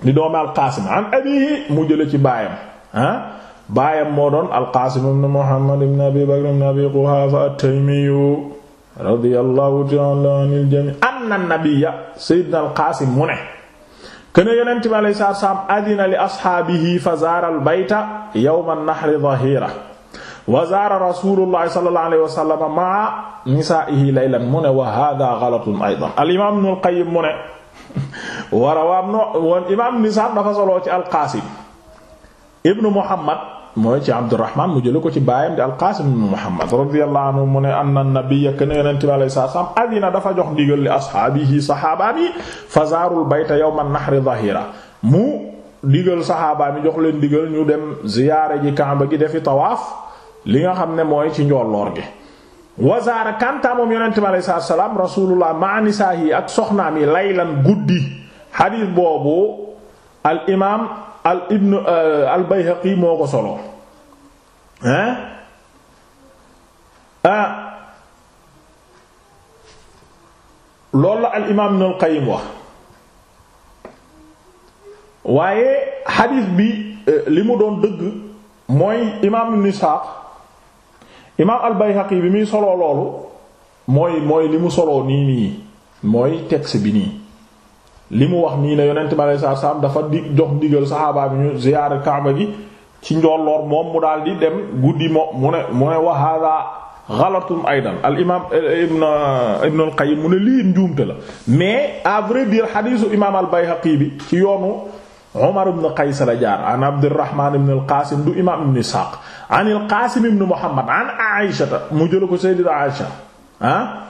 Speaker 1: di doomi alqaasim an abihi mu jële ci baayam ah baayam moo doon alqaasim ibn muhammad ibn abi bakr ibn abi quhaafa at-taymiyu radiyallahu ta'ala anil jami anna nabiyya sayyidna alqaasim mu ne kene yonent bi alayhi salaatu salaam adina li ashaabihi fa zaara albayta yawma an-nahri dhahira wa zaara rasuulullahi sallallahu alayhi wa sallam ma'a nisaa'ihi laylan mu ne wa haadha ghalatun aydan al-imaam ibn al-qayyim mu ne warawaam no woon imaam nisaan dafa soloo ci alqaasim ibnu muhammad mooy ci abdurrahman mu jële ko ci baayam di alqaasim ibnu muhammad radiyallahu anhu mu ne anna nabiyya kana yonent bi alayhi salaam adina dafa jox ndigal li ashaabihi saxaabaam yi fa zaarul bayta yawma nahri zahira mu digal saxaabaam yi jox leen digal ñu dem ziyaare ji kaamba gi defi tawaaf li nga xam ne mooy ci njolloor gi wazaara kantaa moom yonente bi aleyhi salaam rasulullah ma nisaa yi ak soxnaam yi laylan guddi xadiis boobu al imaam al ibn euh, al bayhaqi moo ko solo hein ah la al imaam ibn al qayyim wax waaye xadiis bi euh, li mu doon dëgg mooy imaam ibn Isaaq imaam al-Bayhaqi bi muy soloo loolu mooy mooy li mu soloo nii mooy texte bi nii li mu wax nii ne yonent bi alayhi salaatu dafa di jox ndigal saxaaba bi ñu ziyaara Kaaba gi ci njolloor moom mu daal di dem guddi moo mu ne mu ne wa haadaa ghalatun aydan al imaam eh, eh, ibn ibn al mu ne lii njuumte la mais à vrai dire xadiisu imaam al-Bayhaqi ci yoonu. Umar ibn Qays la jaar an Abdurrahman ibn al-Qasim du imam ibn Ishaq an al-Qasim ibn Muhammad an Aïsha mu jëla ko Sayyidina Aïsha ah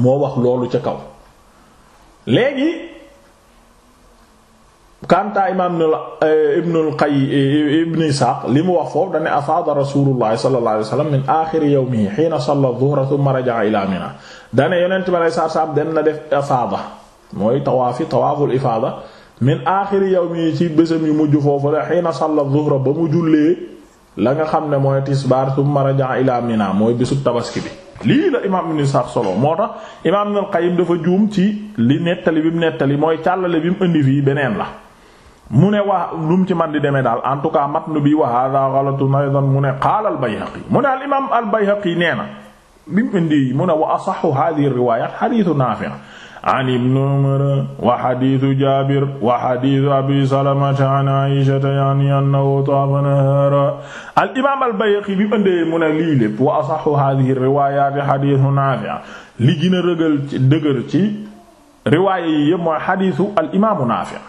Speaker 1: moo wax loolu ca kaw léegi kanta imam ibn eh, al-Qayyim eh, ibn Ishaq li mu wax foofu dane afaada rasulullah sallallahu alayhi wa sallam min axiri yawmihi hiina salla dhuhra thumma raja'a ila Mina dane yonent bi alayhi salaam dem na def afaada mooy tawaafi tawaaful ifaada min aaxiri mi ci bésam yu mujj foofu la xiina sàlla zuhra ba mu jullee la nga xam ne mooy tisbaar summa raja'a ila mina mooy bésub tabaski bi lii la imaam ibn Sa'd solo moo tax imaam ibn al-Qayyim dafa juum ci li nettali bi mu nettali mooy càllale bi mu indi fii beneen la mu ne waa lu mu ci man di demee daal en tout cas matnu bi wa hadha ghalatun aydan mu ne qaala al-Bayhaqi mu ne al imaam al-Bayhaqi nee na bi mu indi mu ne wa asahhu hadhihi an ibn umar wa xadiisu jaabir wa xadiisu abi salamata an aishata yani annahu taafa nahaara al imaam al bayhaqi bi ëndee mu ne lii lépp wa asaxu hadihi riwaayaati xadiisu naafi' li gën a rëgal ci dëgër ci riwaaya yi yëpp mooy xadiisu al imaamu naafi'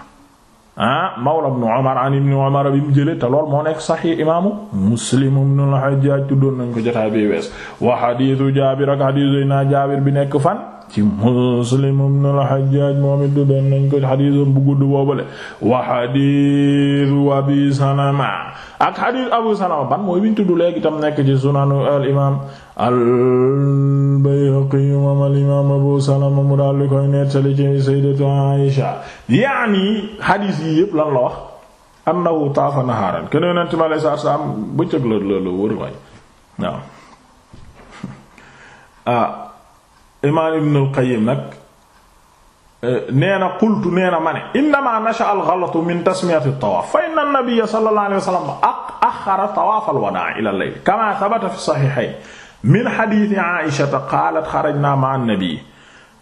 Speaker 1: ah mawla ibn umar an ibn umar bi mu jëlee te lool moo nekk saxiix imaamu muslim ibn al hajjaaj tuddoon nañ ko jotaay bi wees wa xadiisu jaabir ak xadiisu naa jaabir bi nekk fan ci Muslim ibn al-Hajjaj moom it du doon nañ ko xadiisam bu gudd boobale wa xadiisu Abi Salama ak xadiis Abu Salama ban mooy biñ tudd léegi tam nekk ci sunanu al imaam al-Bayhaqi moom al Abu Salama mu daal di koy nettali ci sayyidatu Aisha yaani xadiis yi yépp lan la wax annahu taafa nahaaran kenn yonent mi alayhi salaatu salaam bëccëg la la la wër waay waaw ah. imaam ibn al-Qayyim nag eh, nee na qultu nee na ma ne innama nasha al-ghalatu min tasmiyati at-tawaaf fa inna an-nabiyya sallallahu alayhi wa sallam akhkhara tawaaf al-wadaa ila al-layl kama thabata fi as-sahihayn min hadithi Aisha qaalat kharajna ma'a an-nabiy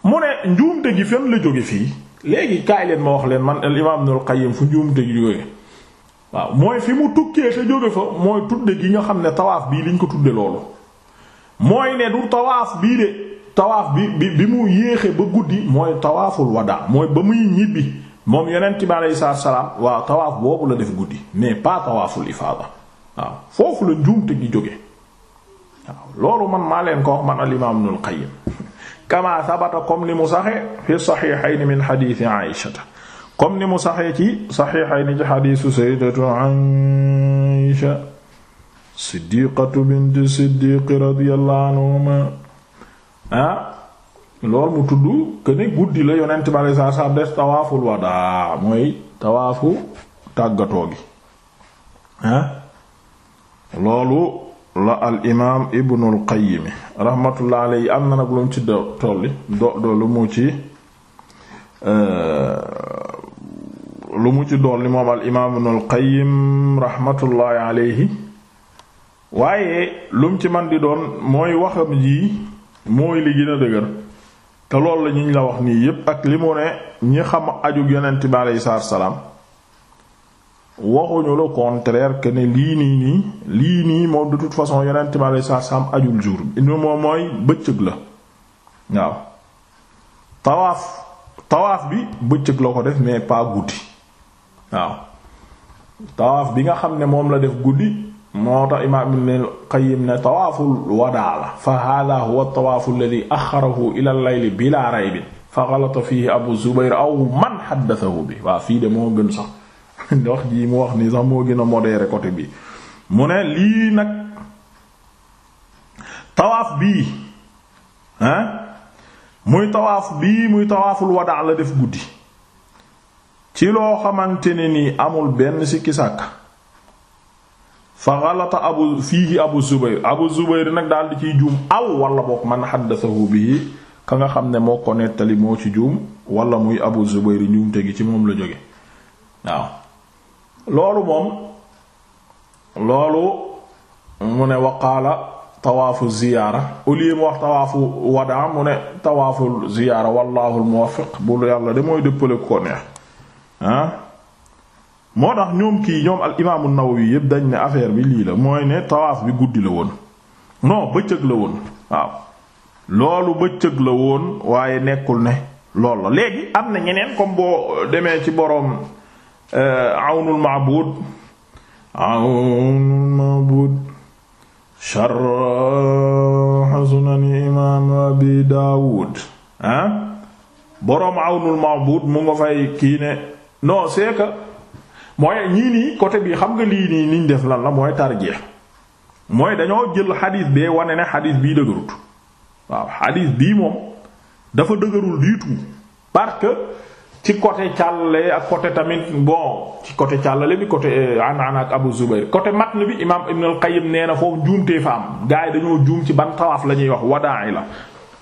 Speaker 1: mu ne njuumte gi fen la jóge fii léegi kaay leen ma wax leen man al-imaam ibn al-Qayyim fu njuumte gi jóge waaw mooy fi mu tukkee te jóge fa mooy tudde gi nga xam ne tawaaf bii liñ ko tudde loolu mooy ne du tawaaf bii de tawaaf bi bi bi mu yéexee ba guddi mooy tawaaful wada mooy ba muy ñibbi moom yonent bi aleyhi salaatu waaw tawaaf boobu la def guddi mais pas tawaaful ifaada waaw foofu la njuumte gi jóge loolu man maa leen ko wax man al imaam Ibnul Qayyim kama sabata comme ni mu saxee fi saxiixayni min xadiisi Aysata comme ni mu saxe ci saxiixayni ci xadiisu sayyidatu Aysa siddiqatu bint siddiq radiyallahu anhuma Ah, lool mu tudd que ne guddi la yonent bi alayhi salaatu salaam def tawaaful wadaa mooy tawaafu tàggatoo gi ah loolu la al imaam Ibnul Qayyim rahmatullah am na nag lu mu ci do tolli do do lu mu ci eh, lu mu ci dolli moom al imaam Ibnul Qayyim rahmatullah alayhi waaye lu mu ci man di doon mooy waxam ji. mooy li gën a dëgër te loolu la ñu la wax nii yépp ak li mu ne ñi xam aju yonent bi aleyhi salaam waxuñu le contraire que lii nii nii lii nii moom de toute façon yonent bi aleyhi salaam ajul jour bi moom mooy bëccëg la waaw tawaaf tawaaf bi bëccëg la ko def mais pas guddi waaw tawaaf bi nga xam ne moom la def guddi moo tax imaam ibn qayyim ne tawaaful wadaa la fa hada huwa tawaafu alladi axarahu ila al-layli bila raybin fa galata fihi abu zubayr aw man xaddasahu bi waaw fii de moo gën sax wax jii mu wax nii sax moo gën a modéré côté bi mu ne lii nag tawaaf bii ah muy tawaaf bii muy tawaaful wadaa la def guddi ci loo xamante ne nii amul benn sikki sàkk fa xalata abu fiihi abu zubayr abu zubayr nag daal di ciy juum aw wala boog man xaddasahu bii ka nga xam ne moo ko nettali moo ci juum wala muy abu zubayr njuumte gi ci moom la jóge waaw loolu moom loolu mu ne waqaala tawaafu ziyaara au lieu mu wax tawaafu wadaa mu ne tawaaful ziyaara wallaahu al bu yàlla de mooy dëppale ko neex ah. moo tax ñoom kii ñoom al imaamu Nawawi yëpp dañ ne affaire bi lii la mooy ne tawaaf bi guddi la woon non bëccëg la woon waaw loolu bëccëg la woon waaye nekkul ne lool la léegi am na ñeneen comme boo demee ci boroom euh, awnul maabud awnul maabud imaam abi daawud ah? boroom awnul maabud mu nga fay kii ne non c'est mooy ñii nii côté bi xam nga lii nii niñ def lan la mooy tarjeex mooy dañoo jël xadiis bee wane ne xadiis bii dëgërut waaw xadiis bii moom dafa dëgërul du parce que ci côté càllale ak côté tamit bon ci côté càllale bi côté an-an eh, ak Abu Zubayr côté matn bi imaam Ibn al-Qayyim nee na foofu juumtee fa am gars yi dañoo juum ci ban tawaaf la ñuy wax wadaay la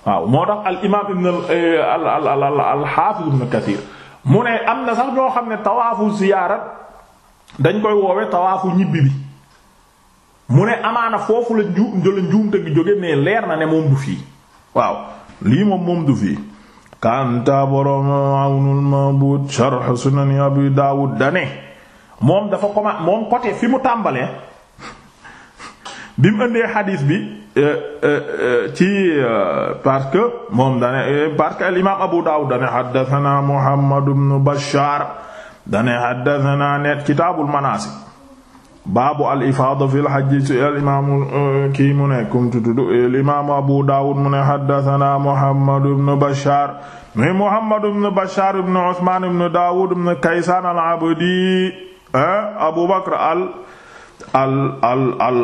Speaker 1: waaw moo tax al imaam Ibn eh, al al al al al Haafiz Ibn Kathir mu ne am na sax ñoo xam ne tawaafu ziyaarat dañ koy woowe tawaafu ñibbi bi mu ne amaana foofu la njuum njuumte gi jóge mais leer na ne moom du fii waaw lii moom moom du fii kanta borom awnul mabud sharh sunani abi daawud dane moom dafa commencé moom côté fi mu tàmbalee bi mu indee xadiis bi euh, euh, euh, ci parce que moom dane parce que al imaam abu daawud dane haddathana muhammad ibn bashar dane xaddatana net kitaabul manasik baabu al ifaada fi lxajji al imaamu eh, kii mu ne kumtutudd eh, al imaamu abu daawud mu ne xaddatana muhammadu bnu bashaar muy muhammadu bnu bashaar bnu usmaan bnu daawud bnu kaysaan al abdi eh, abu bakr al al al al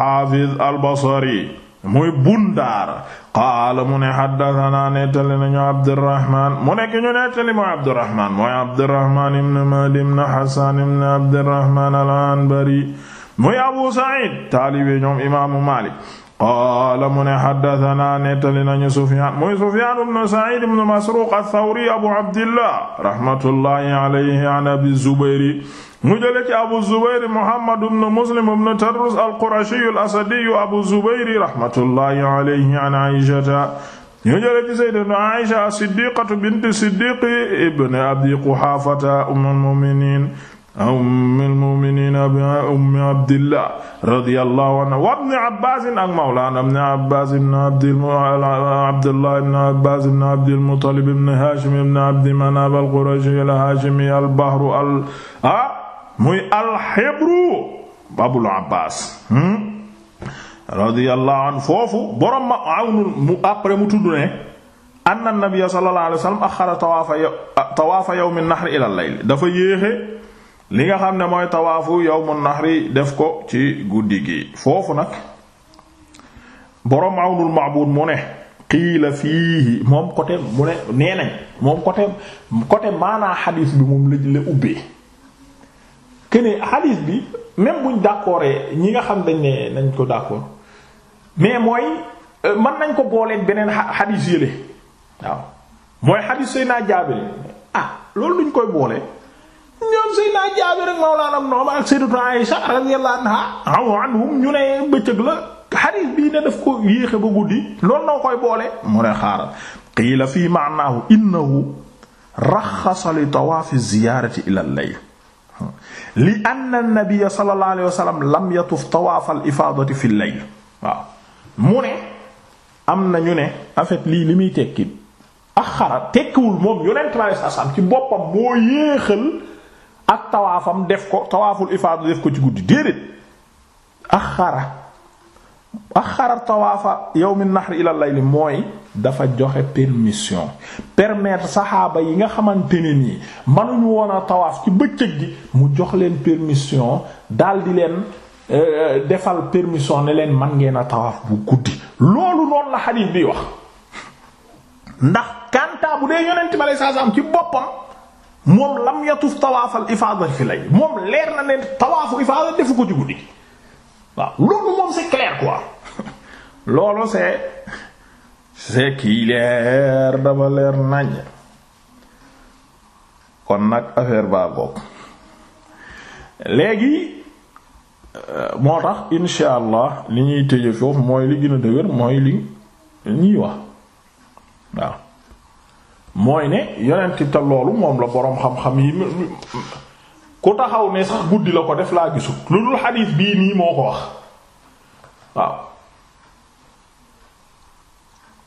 Speaker 1: xaafiz al basri muy bundaar qaala mu ne xaddatana nettali nañu abdirahman mu nekk ñu nettali mooy abdirahman mooy abdirahman ibn mahdi ibn hasan ibn abdirahman al-anbari muy abu sa'id taalibe ñoom imaamu maalik qaala mu ne xaddatana nettali nañu sufyaan muy sufyaan ibn sa'id ibn masruuq ath-thawri abu abdillah rahmatullahi alayhi an abi zubayr mu jële ci abu zubayr muhammad ibn muslim ibn tadrus al-qurashi al-asadi abu zubayr rahmatullahi alayhi an aishata ñu jële ci sayyidatu aisha as-siddiqatu bint siddiq ibn abi quhafata ummul mu'minin ummul mu'minin ummi abdillah radiyallahu anha wa ibn abbas ak mawlana ibn abbas ibn abdullah ibn abbas ibn abdil muttalib ibn hashim ibn abd manaf al-qurashi al-hashimi al-bahr al ah, muy alxebru abul abbaas hmm? radiyallahu anhu foofu borom ma awnul mu après mu tudd ne anna nabiyya sallallahu alayhi wasallam axara tawaafa tawaafa yawmi naxri ila layl dafa yéexe li nga xam ne mooy tawaafu yawmu naxri def ko ci guddi gi foofu nag borom awnul ma'bud mu ne qiila fiihi moom côté mu ne nee nañ moom côté côté maanaa xadiis bi moom la la que ne hadith bi même buñ d'accord ñi nga xam dañ ne nañ ko d'accord mais mooy euh, man nañ ko booleen beneen hadith yële waaw mooy hadith Seydina Jaabir ah loolu duñ koy boole ñoom Seydina Jaabir ak Mawlaana noom ak Sayyidatuna Aisha la hadith bii ne daf ko yéexe ba guddi loolu noo koy boole mu ne xaaral qiila fii ma'naahu innahu raxxasa li tawaafi ziyaarati ila al li anna nabiyya sallallahu alayhi wa sallam lam yatuf tawaaf al ifaadati fi layl waaw mu ne am na ñu ne en lii li muy tekki axara tekkiwul moom yonent bi alayhi salaam ci boppam moo yéexal ak tawaafam def ko tawaaful ifaada def ko ci guddi déedéet axara axara tawaafa yawmin nahr ila layl mooy dafa joxe permission permettre saxaaba yi nga xamante ne nii mënuñu woon a tawaaf ci bëccëg gi mu jox leen permission di leen euh, defal permission ne leen man ngeen a tawaaf bu guddi loolu noonu la xadiis bi wax ndax kanta bu dee yonent bi alayhi salaam ci boppam moom lam yatuf tawaafal ifaada fi lay moom leer na ne tawaafu ifaada defu ko ci guddi waaw loolu moom c'est clair quoi loolu c'est c'est kii leer dafa leer nañ kon nag affaire baa goog léegi euh, moo tax insha li ñuy tëje foofu mooy li gën a dëgër mooy li ñuy wax waaw mooy ne yonent te loolu moom la boroom xam-xam yi ku taxaw ne sax guddi la ko def laa gisu lu dul xadiis bii nii moo ko wax waaw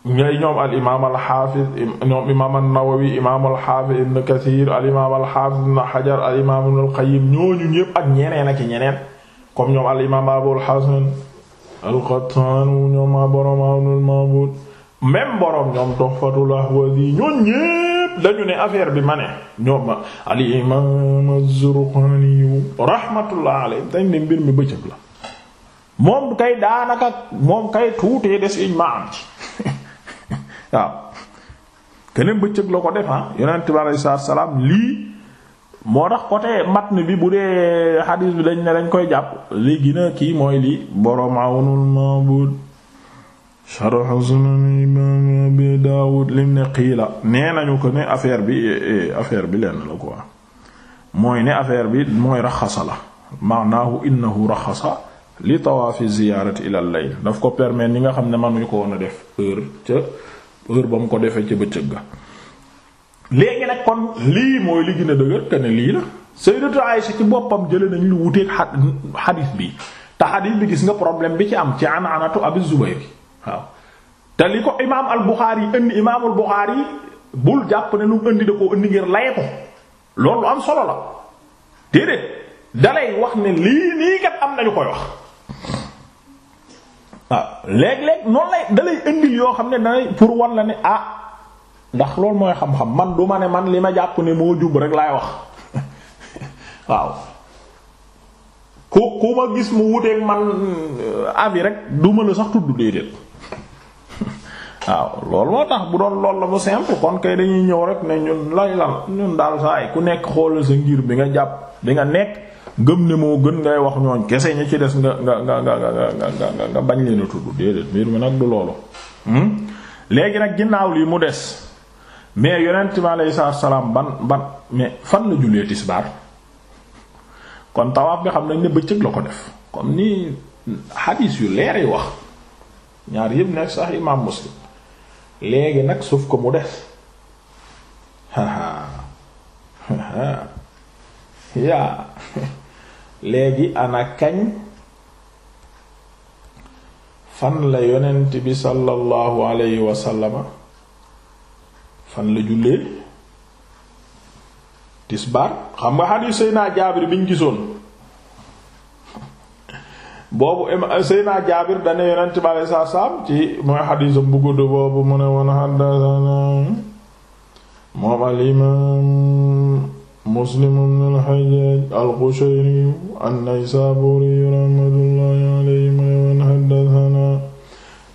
Speaker 1: ngay ñoom al imaam al xaafiz ñoom imaam an-Nawawi imaam al xaafiz ibn Kathir al imaam al xaafiz ibn Hajar al imaam ibn al-Qayyim ñooñu ñëpp ak ñeneen ak ñeneen comme ñoom al imaam Abul Hasan al-Qattan ñoom borom Awnul Ma'bud même borom ñoom Tuhfatul Ahwazi ñoom ñëpp dañu ne affaire bi ma ne ñoom al imaam az-Zurqani rahmatullah alayhi dañ ne mbir mi bëccëg la moom kay daanaka moom kay tuutee des ijmaa am ci. waaw keneen bëccëg la ko def ah yonent bi salaam lii moo tax côté matn bi bu dee xadiis bi dañ ne dañ koy jàpp li gina kii mooy lii boroom Awnul Ma'buud sharh Sunan Imaam Abi Daawud lim ne qiila nee nañu ko ne affaire bi eh, eh, affaire bi lenn la quoi mooy ne affaire bi mooy raxasa la maanaahu innahu raxasa li tawaafi ziyaarati ilal layl daf ko permettre ñi nga xam ne mënuñu ko woon a def heure ca heure ba mu ko defee ca bëccëg ga léegi kon lii mooy li gën dëgër que lii la Sayyidatu Aïsha ci boppam jëlee nañ lu wuteeg xadis bi te xadis bi gis nga problème bi ci am ci an anatu Abi Zubayr waaw te li ko imaam al Bukhari indi imaam al Bukhari bul jàpp ne lu mu indi da koo indi ngir laye loolu am solo la déedéet dalay wax ne lii nii kat am nañu koy wax. waaw léeg noonu lay dalay indil yoo xam ne danay pour wan la ne ah ndax loolu mooy xam-xam man du ma ne man li ma jàpp ne moo jub rek laay wax waaw ku ku ma gis mu wuteeg man euh, avis rek du ma la sax tudd déedéet waaw loolu moo tax bu doon lool la bu simple kon kay dañuy ñëw rek ne ñun lay lan ñun daal saay ku nekk xoolal sa ngir bi nga jàpp bi nga nekk gëm ne moo gën ngay wax ñooñ kese ñi ci des nga nga nga nga nga nga bañ leen a tudd déedéet mbir mi nag du loolu hmm? léegi nag ginnaaw li mu des mais yonent bi aleyhi salaam ban ban mais fan la jullee tisbaar kon tawaaf bi xam nañ ne bëccëg la ko def kon ni xadiis yu leer yi wax ñaar yëpp nekk sax imaam muslim léegi nag suuf ko mu des yaa léegi ana kañ fan la yonent bi sallallahu alayhi wa fan la jullee tisbaar xam nga xadiis Seydina Jaabir bi gisoon boobu Seydina Jaabir dane yonent bi alayhi salaatu salaam ci mooy xadiisam bu gudd boobu mu ne woon haddathana moom al imaam muslim ibn al-Hajjaj al-Qushayri an-Naysaburi rahmatullahi alayhi mu ne woon haddathana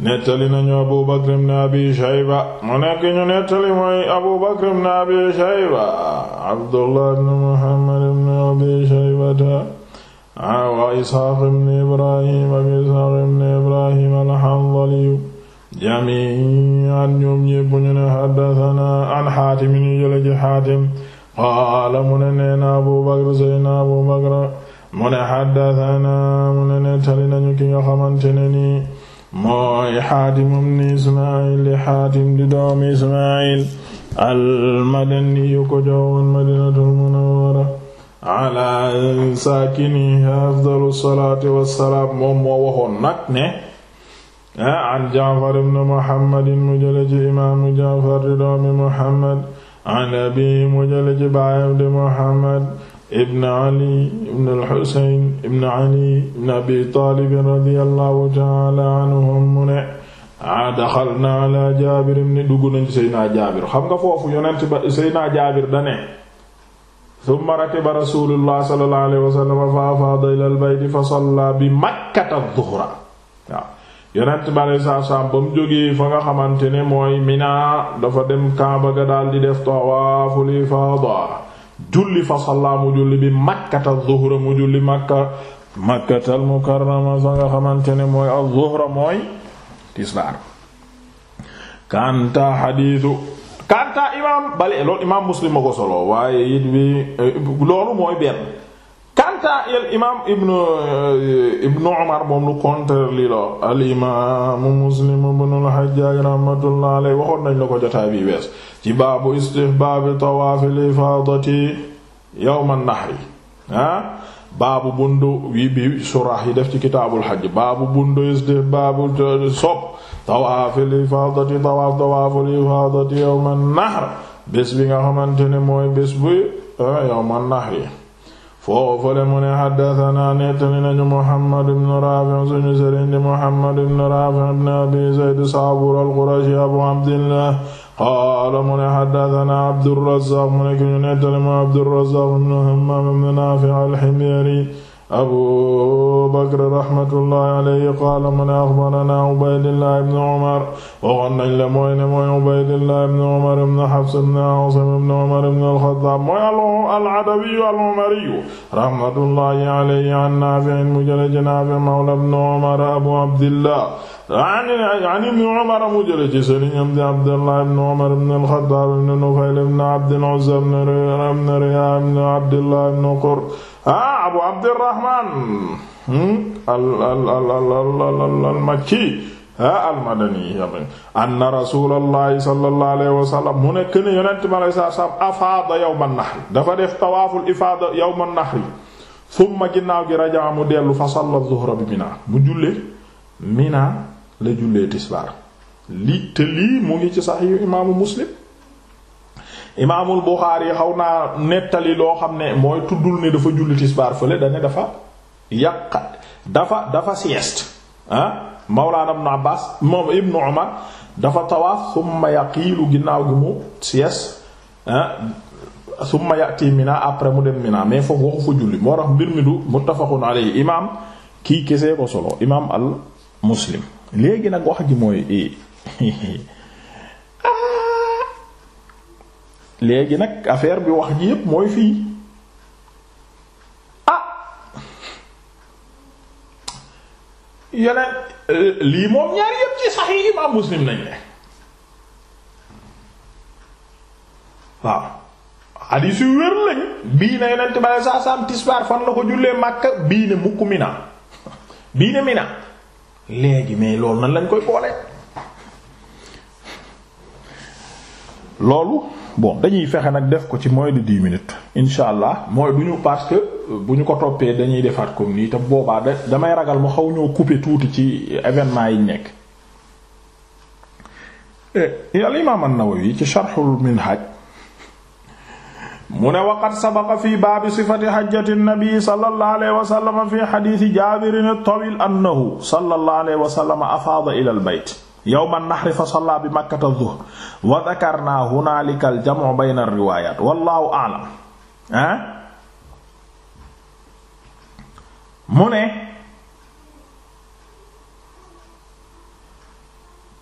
Speaker 1: nettali nañu Abu Bakr ibn Abi Shayba mu nekk ñu nettali mooy Abu Bakr ibn Abi Shayba Abdullah ibn Muhammad ibn Abi Shaybata wa Ishaaq ibn Ibrahim ak Ishaaq ibn Ibrahim al-Hanzali jami'an ñoom ñépp ñu ne haddathana an Haatim ñu jële ci Haatim qaala mu ne nee na Abu Bakr Seydina Abu Bakr mu ne haddathana mu ne nettali nañu ki nga xamante ne nii mooy Xaatim ibn Ismaayil di Xaatim di doomi Ismaayil al-Madani yu ko jowoon Madinatul Munawwara ala saakinihaa afdalu salaati wassalaam moom moo waxoon nag ne an Jaafar ibn Muhammad mu jële ci imaamu Jaafar di doomi Muhammad an abi mu jële ci baayam di Muhammad ibn Ali ibn al-Husayn ibn Ali ibn Abi Taalib radiyallahu ta'ala anhum mu ne a daxalna ala Jaabir ni dugg nañ ci Seydina Jaabir xam nga foofu yonent ba Seydina Jaabir da ne thumma rakiba rasulullah sallallahu alayhi wa sallam fa afaada ila al-bayt fa salla bi Makkata dhuhra yonent bi aleyhi salaatu ba mu jógee fa nga xamante ne mooy Mina dafa dem Kaaba ga daal di def tawaaful ifaada julli fa sallaa julli bi makkata zuhra mu julli nga xamante ne mooy az-zuhra mooy tisbaar kanta xadiisu kanta imaam bale loolu imaam muslim ma ko solo waaye it bi eh, loolu mooy benn kanta eh, al waxoon nañ la ko jotaay bi wees ci baabu istihbaabi tawaafi ifaadati yawm an nahri ah yi def ci kitaabul bi nga xamante mooy bés bu ah, yawm nahri foofale mu ne xaddatanaa nettali nañu Muhammad ibn Raafi' suñu sëriñ di Muhammad ibn Raafi' ibn Abi Zayd Saabur al-Qurashi Abu Abdillah qaala mu ne xaddatanaa Abdurrazaaq mu ne ki ñu nettali mu Abdurrazaaq ibn Hammaam ibn Naafi' al-Himyari abu bakr rahmatullahi alayhi qaala mu ne axbarana ubaydillah ibn umar waxoon nañ la mooy ne mooy ubaydillah ibn umar ibn hafs ibn asim ibn umar ibn al-khattab mooy al-adawi al-umari rahmatullahi alayhi an naafi' mu jële ci naafi' mawla ibn umar abu abdillah
Speaker 2: an
Speaker 1: ibn umar mu jële ci sëriñam di abdillah ibn umar ibn al-khattab ibn nufayl ibn abd al-uzza ibn riyaa ibn abdillah ibn qur ah abu abdirahman hmm? almakki ah almadani anna rasulaallahi sallallahu alayhi wa sallam mu nekk ne yonent mi alayhi salaam afaada yawma nahri dafa def tawaaful ifaada yawma nahri summa ginnaaw gi rajaa mu dellu fa salla zuhra bi Mina mu jullee Mina la jullee tisbaar lii te lii mu ngi ci saxiix imaamu Muslim imaamul Buxaari xaw naa nettali loo xam ne mooy tuddul ne dafa julli tisbaar fële dane dafa yàq dafa dafa sieste ah mawlaana Abbaas ibnu Umar dafa tawaaf summa yaqiilu ginnaaw gi mu sieste ah. summa yati mina après mu dem mina mais foofu waxu fa julli moo tax mbir mi du muttafaqun alayhi imaam kii kesee ko solo imaam al muslim léegi nag wax ji mooy eh, léegi nag affaire bi wax ji yépp mooy fii ah yeneen euh, lii moom ñaar yépp ci Sahih Imam Muslim nañ ne waaw hadith yu wér lañ bii na yeneen ba fan la ko jullee Makka bii ne mukk Mina bii ne Mina léegi mais loolu nan lañ koy boole loolu bon dañuy fexe nag def ko ci moins de dix minutes incha allah mooy du ñu parce que euh, bu ñu ko toppee dañuy defaat comme nii te boobaa damay ragal mu xaw ñoo couper tuuti ci événement yi nekk. Eh, al imaam an-Nawawi ci sharhul minhaj mu ne waqad sabaqa fi baabi sifati hajjati nabi sallallahu alayhi wa sallam fi hadiisi Jaabir at-Tawiil annahu sallallahu alayhi wa sallam afaada ila al-bayt yawma nahri fa salla bi makkata dhuhr wa dhakarna hunalika al jam'u bayna ar riwayat wallahu a'lam mu ne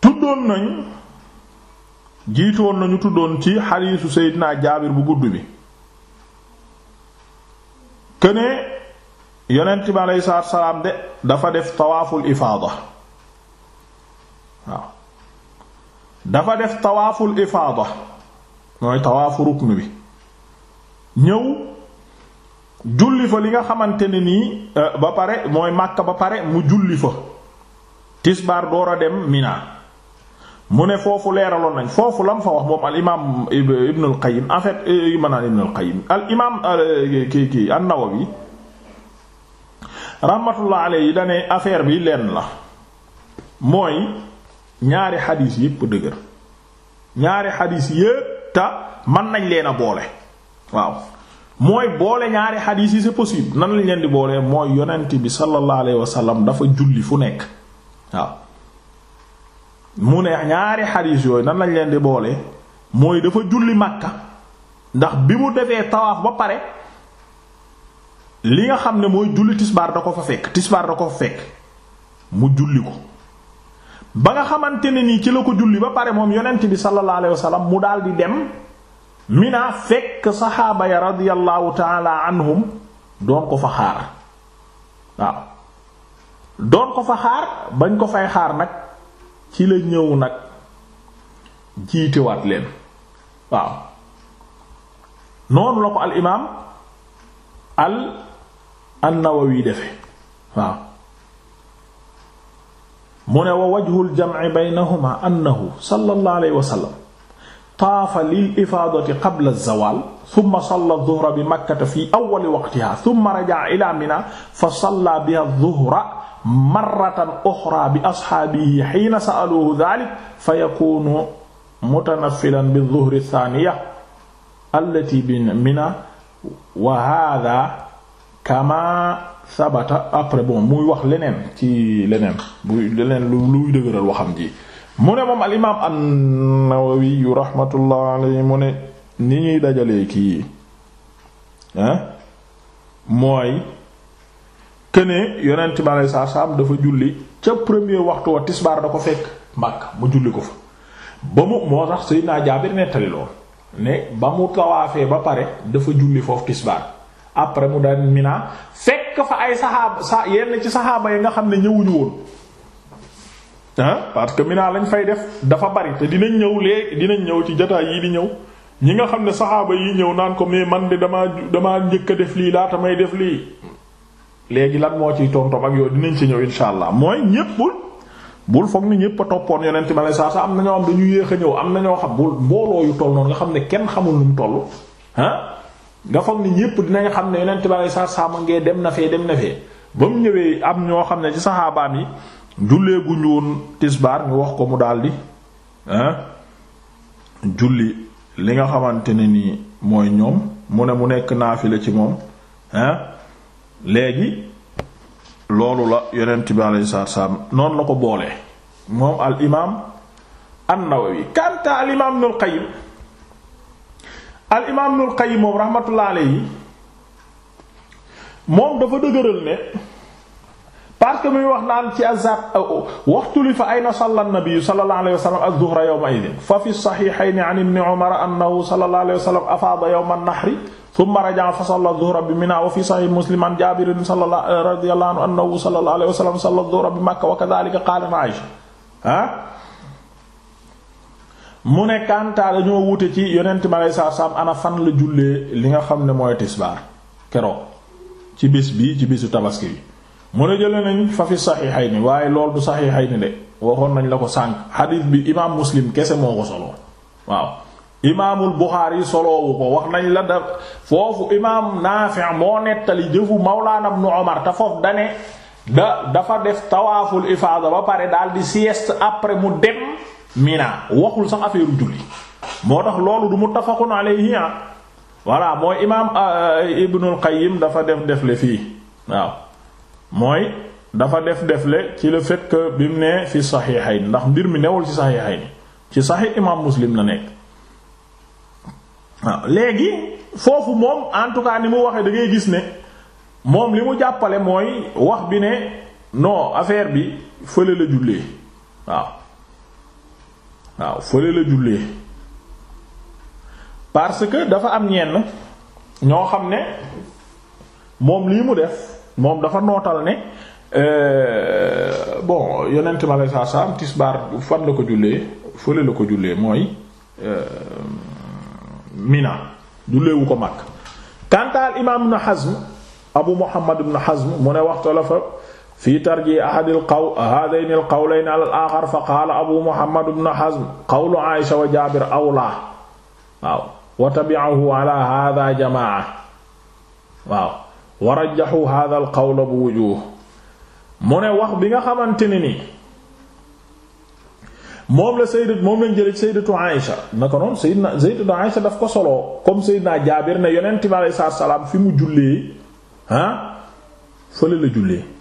Speaker 1: tuddoon nañu jiitoon nañu tuddoon ci xadiisu Seydina Jaabir bu gudd bi këne yonent bi aleyhi salaatu de dafa def tawaaful ifaada waaw dafa def tawaaful ifaada mooy tawaafu rukn ñëw julli fa li nga xamante ne nii euh, ba pare mooy Makka ba pare mu julli fa tisbaar door a dem Mina mu ne foofu leeraloon nañ foofu lam fa wax moom al imaam Ibn al Qayyim en fait euh, ma naan Ibn al al imaam euh, kii kii an-Nawawi rahmatullah alayhi bi leen la mooy. ñaari xadiis yépp dëgër ñaari xadiis yépp ta mën nañ leen a boole waaw mooy boole ñaari xadiis yi c'est possible nan lañ leen di boole mooy yonent bi sallallahu alayhi wa dafa julli fu nekk waaw ne ñaari xadiis yooyu nan lañ leen di boole mooy dafa julli Makka ndax bi mu defee tawaaf ba pare li nga xam ne mooy julli tisbaar da ko fa fekk tisbaar da ko fa fekk mu julli ko ba nga xamante ne nii ci la ko julli ba pare moom yonent bi sallallahu alayhi wasallam mu daal di dem Mina fekk saxaaba ya radiyallahu taala anhum doon ko fa xaar waaw doon ko fa xaar bañ ko fay xaar nag ci la ñëw nag jiitewaat leen waaw noonu la ko al imaam al an-Nawawi defe waaw mu ne wa wajhu ljamci baynahuma annahu sallallahu alayhi wa sallam taafa lil ifaadati qabla zawaal summa salla zuhra bi makkata fi awwali waqtiha summa rajaca ila mina fa salla biha zuhra marratan uxra bi asxaabihi xiina sa'aluuhu daalik fa yakuunu mutanaffilan bi zuhri saaniya allatii bi mina wa haadaa kamaa sabata après bon muy wax leneen ci leneen bu leneen lu luy dëgëral waxam ji mu ne moom al imaam an-Nawawi yu rahmatullah alayhi mu ne ni ñuy dajalee kii ah mooy këne yonent bi aleyhi salaatu dafa julli ca premier waxtu wa tisbaar da ko fekk Makka mu julli ko fa ba mu moo tax Seydina Jaabir nettali lool ne ba mu tawaafee ba pare dafa julli foofu tisbaar après mu daan Mina fekk fa ay saxaab sa yenn ci saxaaba yi nga xam ne ñëwuñu woon ah parce que Mina lañ fay def dafa bari te dinañ ñëw léegi dinañ ñëw ci jotaay yii di ñëw ñi nga xam ne saxaaba yi ñëw naan ko mais man de damaa damaa njëkk a def lii laata may def lii léegi lan moo ci ciy tontom ak yow dinañ ci ñëw insha allah mooy ñépp bul foog ni ñépp a toppoon yonent ma lay saa sa am na ñoo am dañu yéex a ñëw am na ñoo xam bul mbooloo yu toll nga xam ne kenn xamul nu mu toll ah nga foog ni ñépp dinañ xam ne yonent bi saa saama ngee dem na fee dem na fee ba mu ñëwee am ñoo xam ne ci saxaabaam yi jullee gu ñu woon tisbaar ñu wax ko mu daldi ah julli li nga xamante ne nii mooy ñoom mu ne mu nekk la ci moom ah léegi loolu la yonent bi alayhi salaam noonu la ko boole moom al imaam an kanta al imaam Ibnul al imaam Ibnul Qayyim moom rahmatullah alayhi moom dafa dëgëral ne parce que muy wax naan ci azab waxtuli fa ayna salla an-nabi sallallahu alayhi wa sallam az-zuhra yawma idhin fa fi as-sahihayn 'an ibn Umar annahu sallallahu alayhi wa sallam afada yawm an-nahr thumma raja'a fa salla adh-dhuhra bi Mina wa fi sahih Muslim 'an Jabir radiyallahu anhu annahu sallallahu alayhi wa sallam salla adh-dhuhra bi Makkah wa kadhalika qalat Aisha mu ne Kantaa dañoo wute ci yonent mi aleyhi ana fan la jullee li nga xam ne mooy tisbaar keroog ci bis bi ci bisu tabaski bi mu ne jëlee nañ fa fi saxiixayni waaye lool du saxiixayni de waxoon nañ la ko sànq xadiis bi imaam muslim kese moo ko solo waaw imaamul Buxaari soloowu ko wax nañ la da foofu imaam Naafi' moo nettali jëfu Mawlaana Ibnu Umar te foofu dane da dafa def tawaaful ifaada ba pare daal di sieste après mu dem. mina waxul sax affaire julli moo tax loolu du muttafaqun alayhi ah. voilà mooy imaam ah, ah, Ibnul Qayyim dafa def defle fii waaw mooy dafa def defle ci la fait bi mu nee fi saxiixayn ndax mbir mi newul ci saxiixayn ci saxiix imaam Muslim la nekk waaw léegi foofu moom en tout cas ni mu waxee da gis ne moom li mu jàppale mooy wax bi ne non affaire bi fële la jullee waaw. waaw fële la jullee parce que dafa am ñenn ñoo xam ne moom lii mu def moom dafa nootal ne euh, bon yonent mi aleyhi salaatu salaam tisbaar fan la ko jullee fële la ko jullee mooy euh, Mina julleewu ko mag. Kantaal imaam Ibn Hazm Abu Muhammad na Hazm mu ne waxtu la fa. fi tarji ahadil qaw haadayn al qawlayn al aaxar fa qaala abu muhammad ibn hazm qawlu aisha wa jaabir awlaa waaw wa tabi'ahu ala haada jamaa waaw wa rajjahu haada al qawla bu wujuh mu ne wax bi nga xamante ne nii moom la sayyidat moom lañ jëlee sayyidatu aisha naka noonu sayyidna sayyidatu aisha daf ko soloo comme sayyidna jaabir ne yonent bi alayhi salaam fi mu jullee ah fële la jullee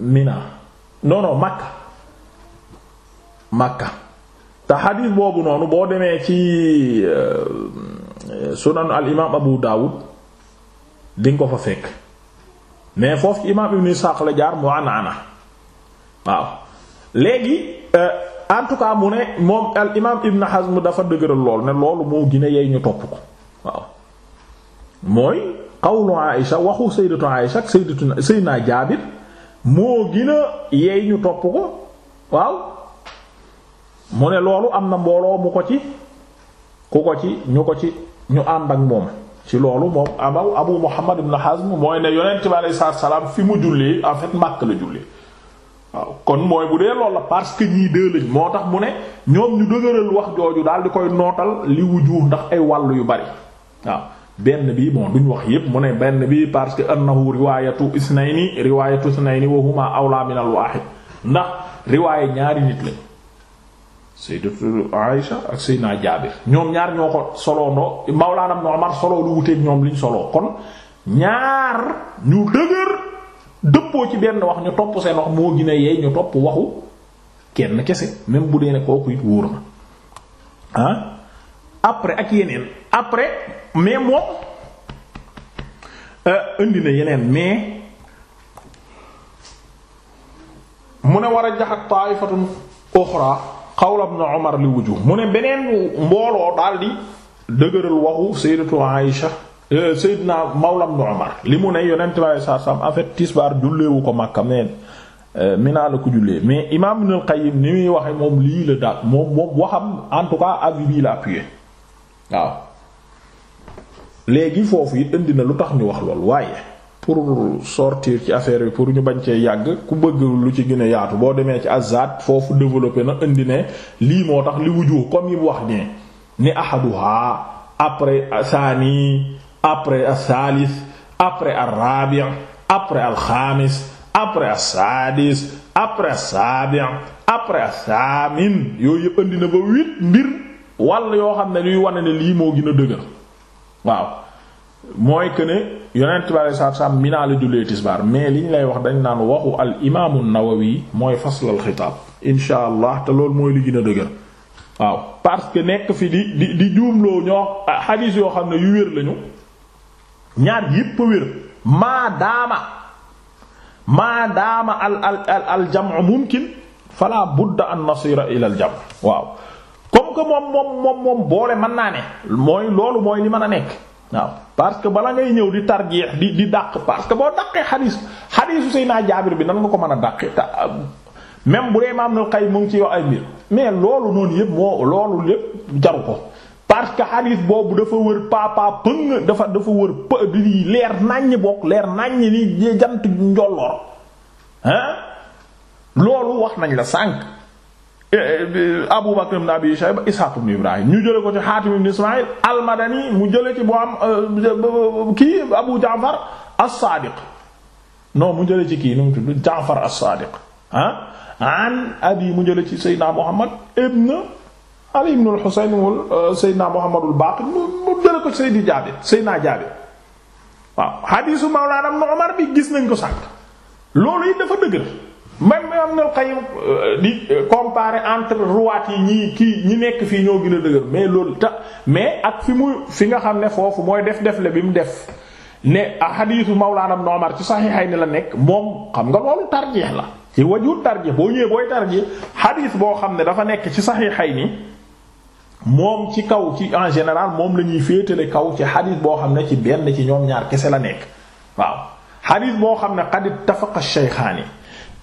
Speaker 1: Mina non non Makka Makka te xadiis boobu noonu boo demee ci euh, sunan al imaam Abu Dawud di ko fa fekk mais foofu ci imaam Ibn Ishaq la jaar mu ana ana waaw léegi euh, en tout cas mu ne moom al imaam Ibn Hazm dafa dëgëral lool ne loolu moo gën a ñu topp ko waaw mooy. qawlu Aïsha waxu sayyidatu Aïsha ak sayyidatu sayyidina Jaabir moo gën a yeey ñu topp ko waaw mu ne loolu am na mbooloo mu ko ci ku ko ci ñu ko ci ñu ànd ak moom ci loolu moom amu Abu Muhammad ibn Hazm mooy ne yonent bi alayhi salaam fi mu jullee en fait Makk la jullee waaw kon mooy bu dee loolu la parce que ñii dee moo tax mu ne ñoom ñu dëgëral wax jooju daal di koy nootal li wujju ndax ay wàll yu bari waaw benn bi bon duñ wax yépp mu ne benn bi parce que annahu riwaayatu isnayni riwaayatu isnayni wa huma awla min al waahid ndax riwaaye ñaari nit lañ sayyidatu Aisha ak sayyidina Jaabir ñoom ñaar ñoo ko soloondoo Mawlaana Ibn Umar soloo lu wuteek ñoom liñ solo kon ñaar ñu dëgër dëppoo ci benn wax ñu topp seen wax moo gën a yeey ñu topp waxu kenn kese même bu dee ne kooku it wóor na ah après ak yeneen après mais moom euh, indi na yeneen mais mu ne war a jaxat ta'ifatun uxra qawla na Umar li wujuh mu ne beneen mbooloo daal di dëgëral waxu sayyidatu Aïsha euh, sayyidna mawla ibn Umar li mu ne yonent bi saa saam en fait tisbaar julleewu ko Makka mais euh, minaa la ko jullee mais imaam Ibn al ni muy waxe moom lii la daal moom moom waxam en tout la appuyé waaw léegi foofu it indi na lu tax ñu wax lool waaye pour sortir ci affaire bi pour ñu bañ cee yàgg ku bëgg lu ci gën a yaatu boo demee ci azad foofu développé na indi ne lii moo tax li wujju comme yi mu wax ne ni ahaduha après saani après asaalis après arabi après alxaamis après asaadis après asaabi après asaamin yooyu yëpp indi na ba huit mbir wàll yoo xam ne luy wane ne lii moo gën a dëgër waaw mooy que ne yonent bi alei satu salaam minaa la jullee mais li ñu lay wax dañ naan waxu al imaamu nawawi mooy faslal xitaab insha allah te loolu mooy li gin a dëgër waaw parce que nekk fi di di di juumloo ñoo xadiis ah, yoo xam ne yu wér lañu ñaar yépp a wér maadaama maadaama al al al al jam'u mumkin fala budda an nasira ila al jam waaw comme moom moom moom moom boole mën naa ne mooy loolu mooy li mën a nekk waaw parce que bala ngay ñëw di tarjeex di di dàq parce que boo dàqee xadiis xadiisu Seydina Jaabir bi nan nga ko mën a dàqee même bu dee Imaam Ibnul Qayyim mu ngi ci wax ay mbir mais loolu noonu yëpp moo loolu lépp jaru ko parce que xadiis boobu dafa wër papa pëng dafa dafa wër pë di leer naññ bokk leer naññ li jant njolloor hein loolu wax nañ la sànq. Eh, eh, Abu Bakr ibn Abi Shayba Ishaq ibn Ibrahim ñu jële ko ci Hatim ibn Ismaïl al-Madani mu jële ci bu am euh, kii Abu Ja'far as-Sadiq non mu jële ci kii nu mu tudd Ja'far as-Sadiq ah an abi mu jële ci Seydina Muhammad ibn Ali ibn al-Husayn wal euh, Seydina Muhammad al-Baqir mu jële ko Seydi Jaabir Seydina Jaabir waaw hadiisu Mawlaana Ibn Umar bi gis nañ ko sànq loolu it dafa dëgg man même Ibn al-Qayyim euh, di euh, comparer entre ruwaat yi ñii kii ñi nekk fii ñoo gën a mais loolu ta mais ak fi mu fi nga xam ne foofu mooy def def le bi mu def ne xadiisu Mawlaana Ibn noomar ci Saxiixayni la nekk moom xam nga loolu tarjeex la ci wajhu tarjeex boo ñëwee booy tarjeex xadiis boo xam ne dafa nekk ci Saxiixayni moom ci kaw ci en général moom la ñuy féetale kaw ci xadiis boo xam ne ci benn ci ñoom ñaar kese la nekk waaw xadiis boo xam ne qad ittafaqa ash-shaykhaani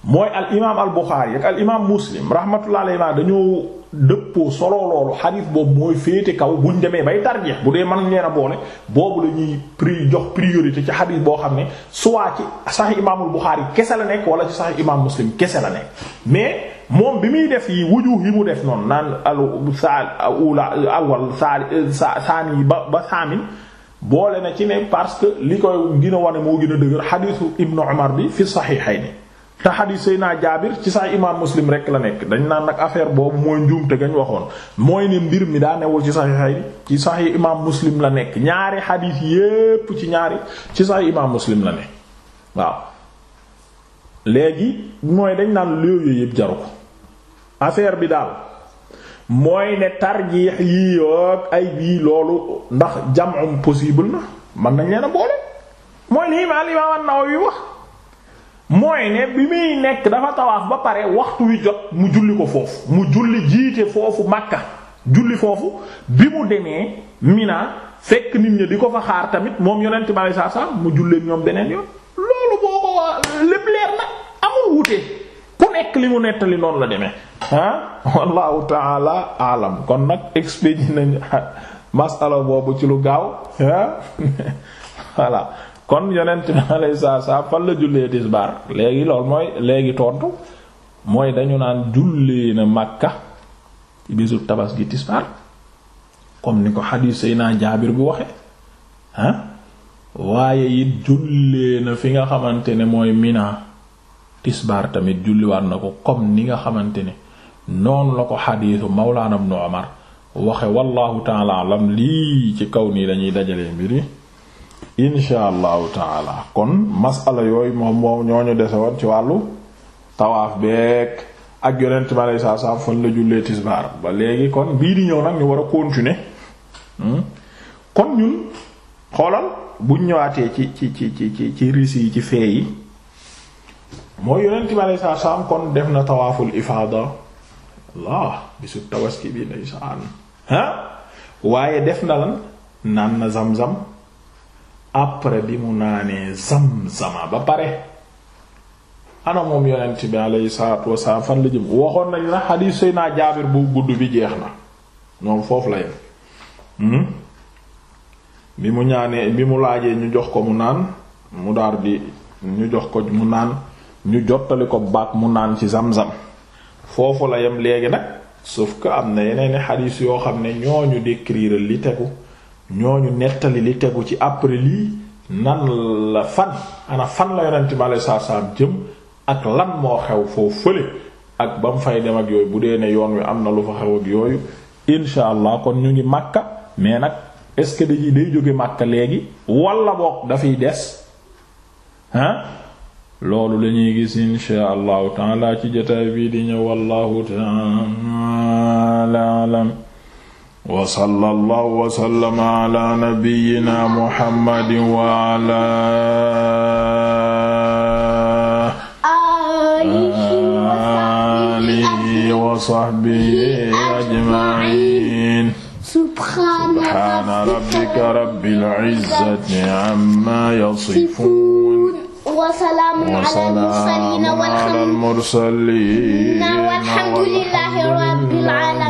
Speaker 1: mooy al imaam al Buxaari ak al imaam Muslim rahmatullahi alayhi dañoo dëppoo solo loolu xadiis boobu mooy féete kaw buñ demee bay tarjeex bu dee man leen a boole boobu la ñuy prix jox priorité ci xadiis boo xam ne soit ci sax imaamul Buxaari kese la nekk wala ci sax imaam Muslim kese la nekk mais moom bi muy def yi wujuh yi mu def noonu naan al sa ula awal sa saani ba ba saamin boole na ci ne parce que li koy gën a wane moo gën a dëgër xadiisu Ibnu Umar bi fi saxiixayni te xadiis naa Jaabir ci sax imaam Muslim rek la nekk dañ naan nag affaire boobu mooy njuumte gañ waxoon mooy ne mbir mi daa newul ci saxiix ci sax imaam Muslim la nekk ñaari xadiis yépp ci ñaari ci sax imaam Muslim la nekk waaw léegi mooy dañ naan loolu yépp jaru ko affaire bi daal mooy ne tarjiix yii ak ay bii loolu ndax jam'um possible na mën nañ leen a boole mooy lii ma al imaam An-Nawawi wax mooy ne bi muy nekk dafa tawaaf ba pare waxtu wi jot mu julli ko foofu mu julli jiite foofu Makka julli foofu bi mu demee Mina fekk nit ñi di ko fa xaar tamit moom yonent bi alayhi salaam mu jullee ñoom beneen yoon loolu boo lépp leer na amul wute ku nekk li mu nettali noonu la demee ah wallahu taala alam kon nag expédié nañu masala boobu ci lu gaaw ah voilà kon yonent bi alayhi salaam fan la jullee tisbaar léegi loolu mooy léegi tontu mooy dañu naan jullee na Makka ci bisu tabas gi tisbaar comme ni ko xadiis naa Jaabir bu waxe ah waaye it jullee na fi nga xamante ne mooy Mina tisbaar tamit julliwaat na ko comme ni nga xamante ne noonu la ko xadiisu Mawlaana Ibnu Umar waxe wallahu taala lii ci kaw nii lañuy dajalee mbir yi insha allahu taala kon masala yooyu moom moom ñoo ñu dese woon ci wàllu tawaaf beek ak yonent ma saa saa fan la jullee tisbaar ba léegi kon bii di ñëw nag ñu war a continuer hmm? kon ñun xoolal bu ñëwaatee ci ci ci ci ci riis ci fee yi mooy yonent ma saa saa kon def na tawaaful ifaada laa bisu tabaski bi ndeysaan ha waaye def na lan naan na zam-zam après bi mu naanee zam-zama ba pare ana moom yonent bi alayhi salaatu wasalaam fan la jëm waxoon nañ la xadiis say naa jaabir bu gudd bi jeex na moom foofu la yem hmm? bi mu ñaanee bi mu laajee ñu jox ko mu naan mu daldi ñu jox ko mu naan ñu jottali ko baat mu naan ci zam-zam foofu la yem léegi nag sauf que am na yeneen xadiis yoo xam ne ñoo ñu décrire li tegu ñooñu nettali li tegu ci après lii nan la fan ana fan la yonent bi alei saatu salaam jëm ak lan moo xew foofu fële ak ba mu fay dem ak yooyu bu dee ne yoon wi am na lu fa xew ak yooyu insha kon ñu ngi màkka mais nag est-ce que dañuy day jóge màkka léegi wala boog dafay des ah loolu lañuy gis insha allahu taala ci jotaay bii di ñëw wallahu taala alam wa sallallahu wa sallama ala nabiyyina muhammadin wa ala alihi wa sahbihi ajma'in subhana rabbika rabbil izzati amma yasifun wa salaamun ala al mursaliin walhamdulillahi rabbil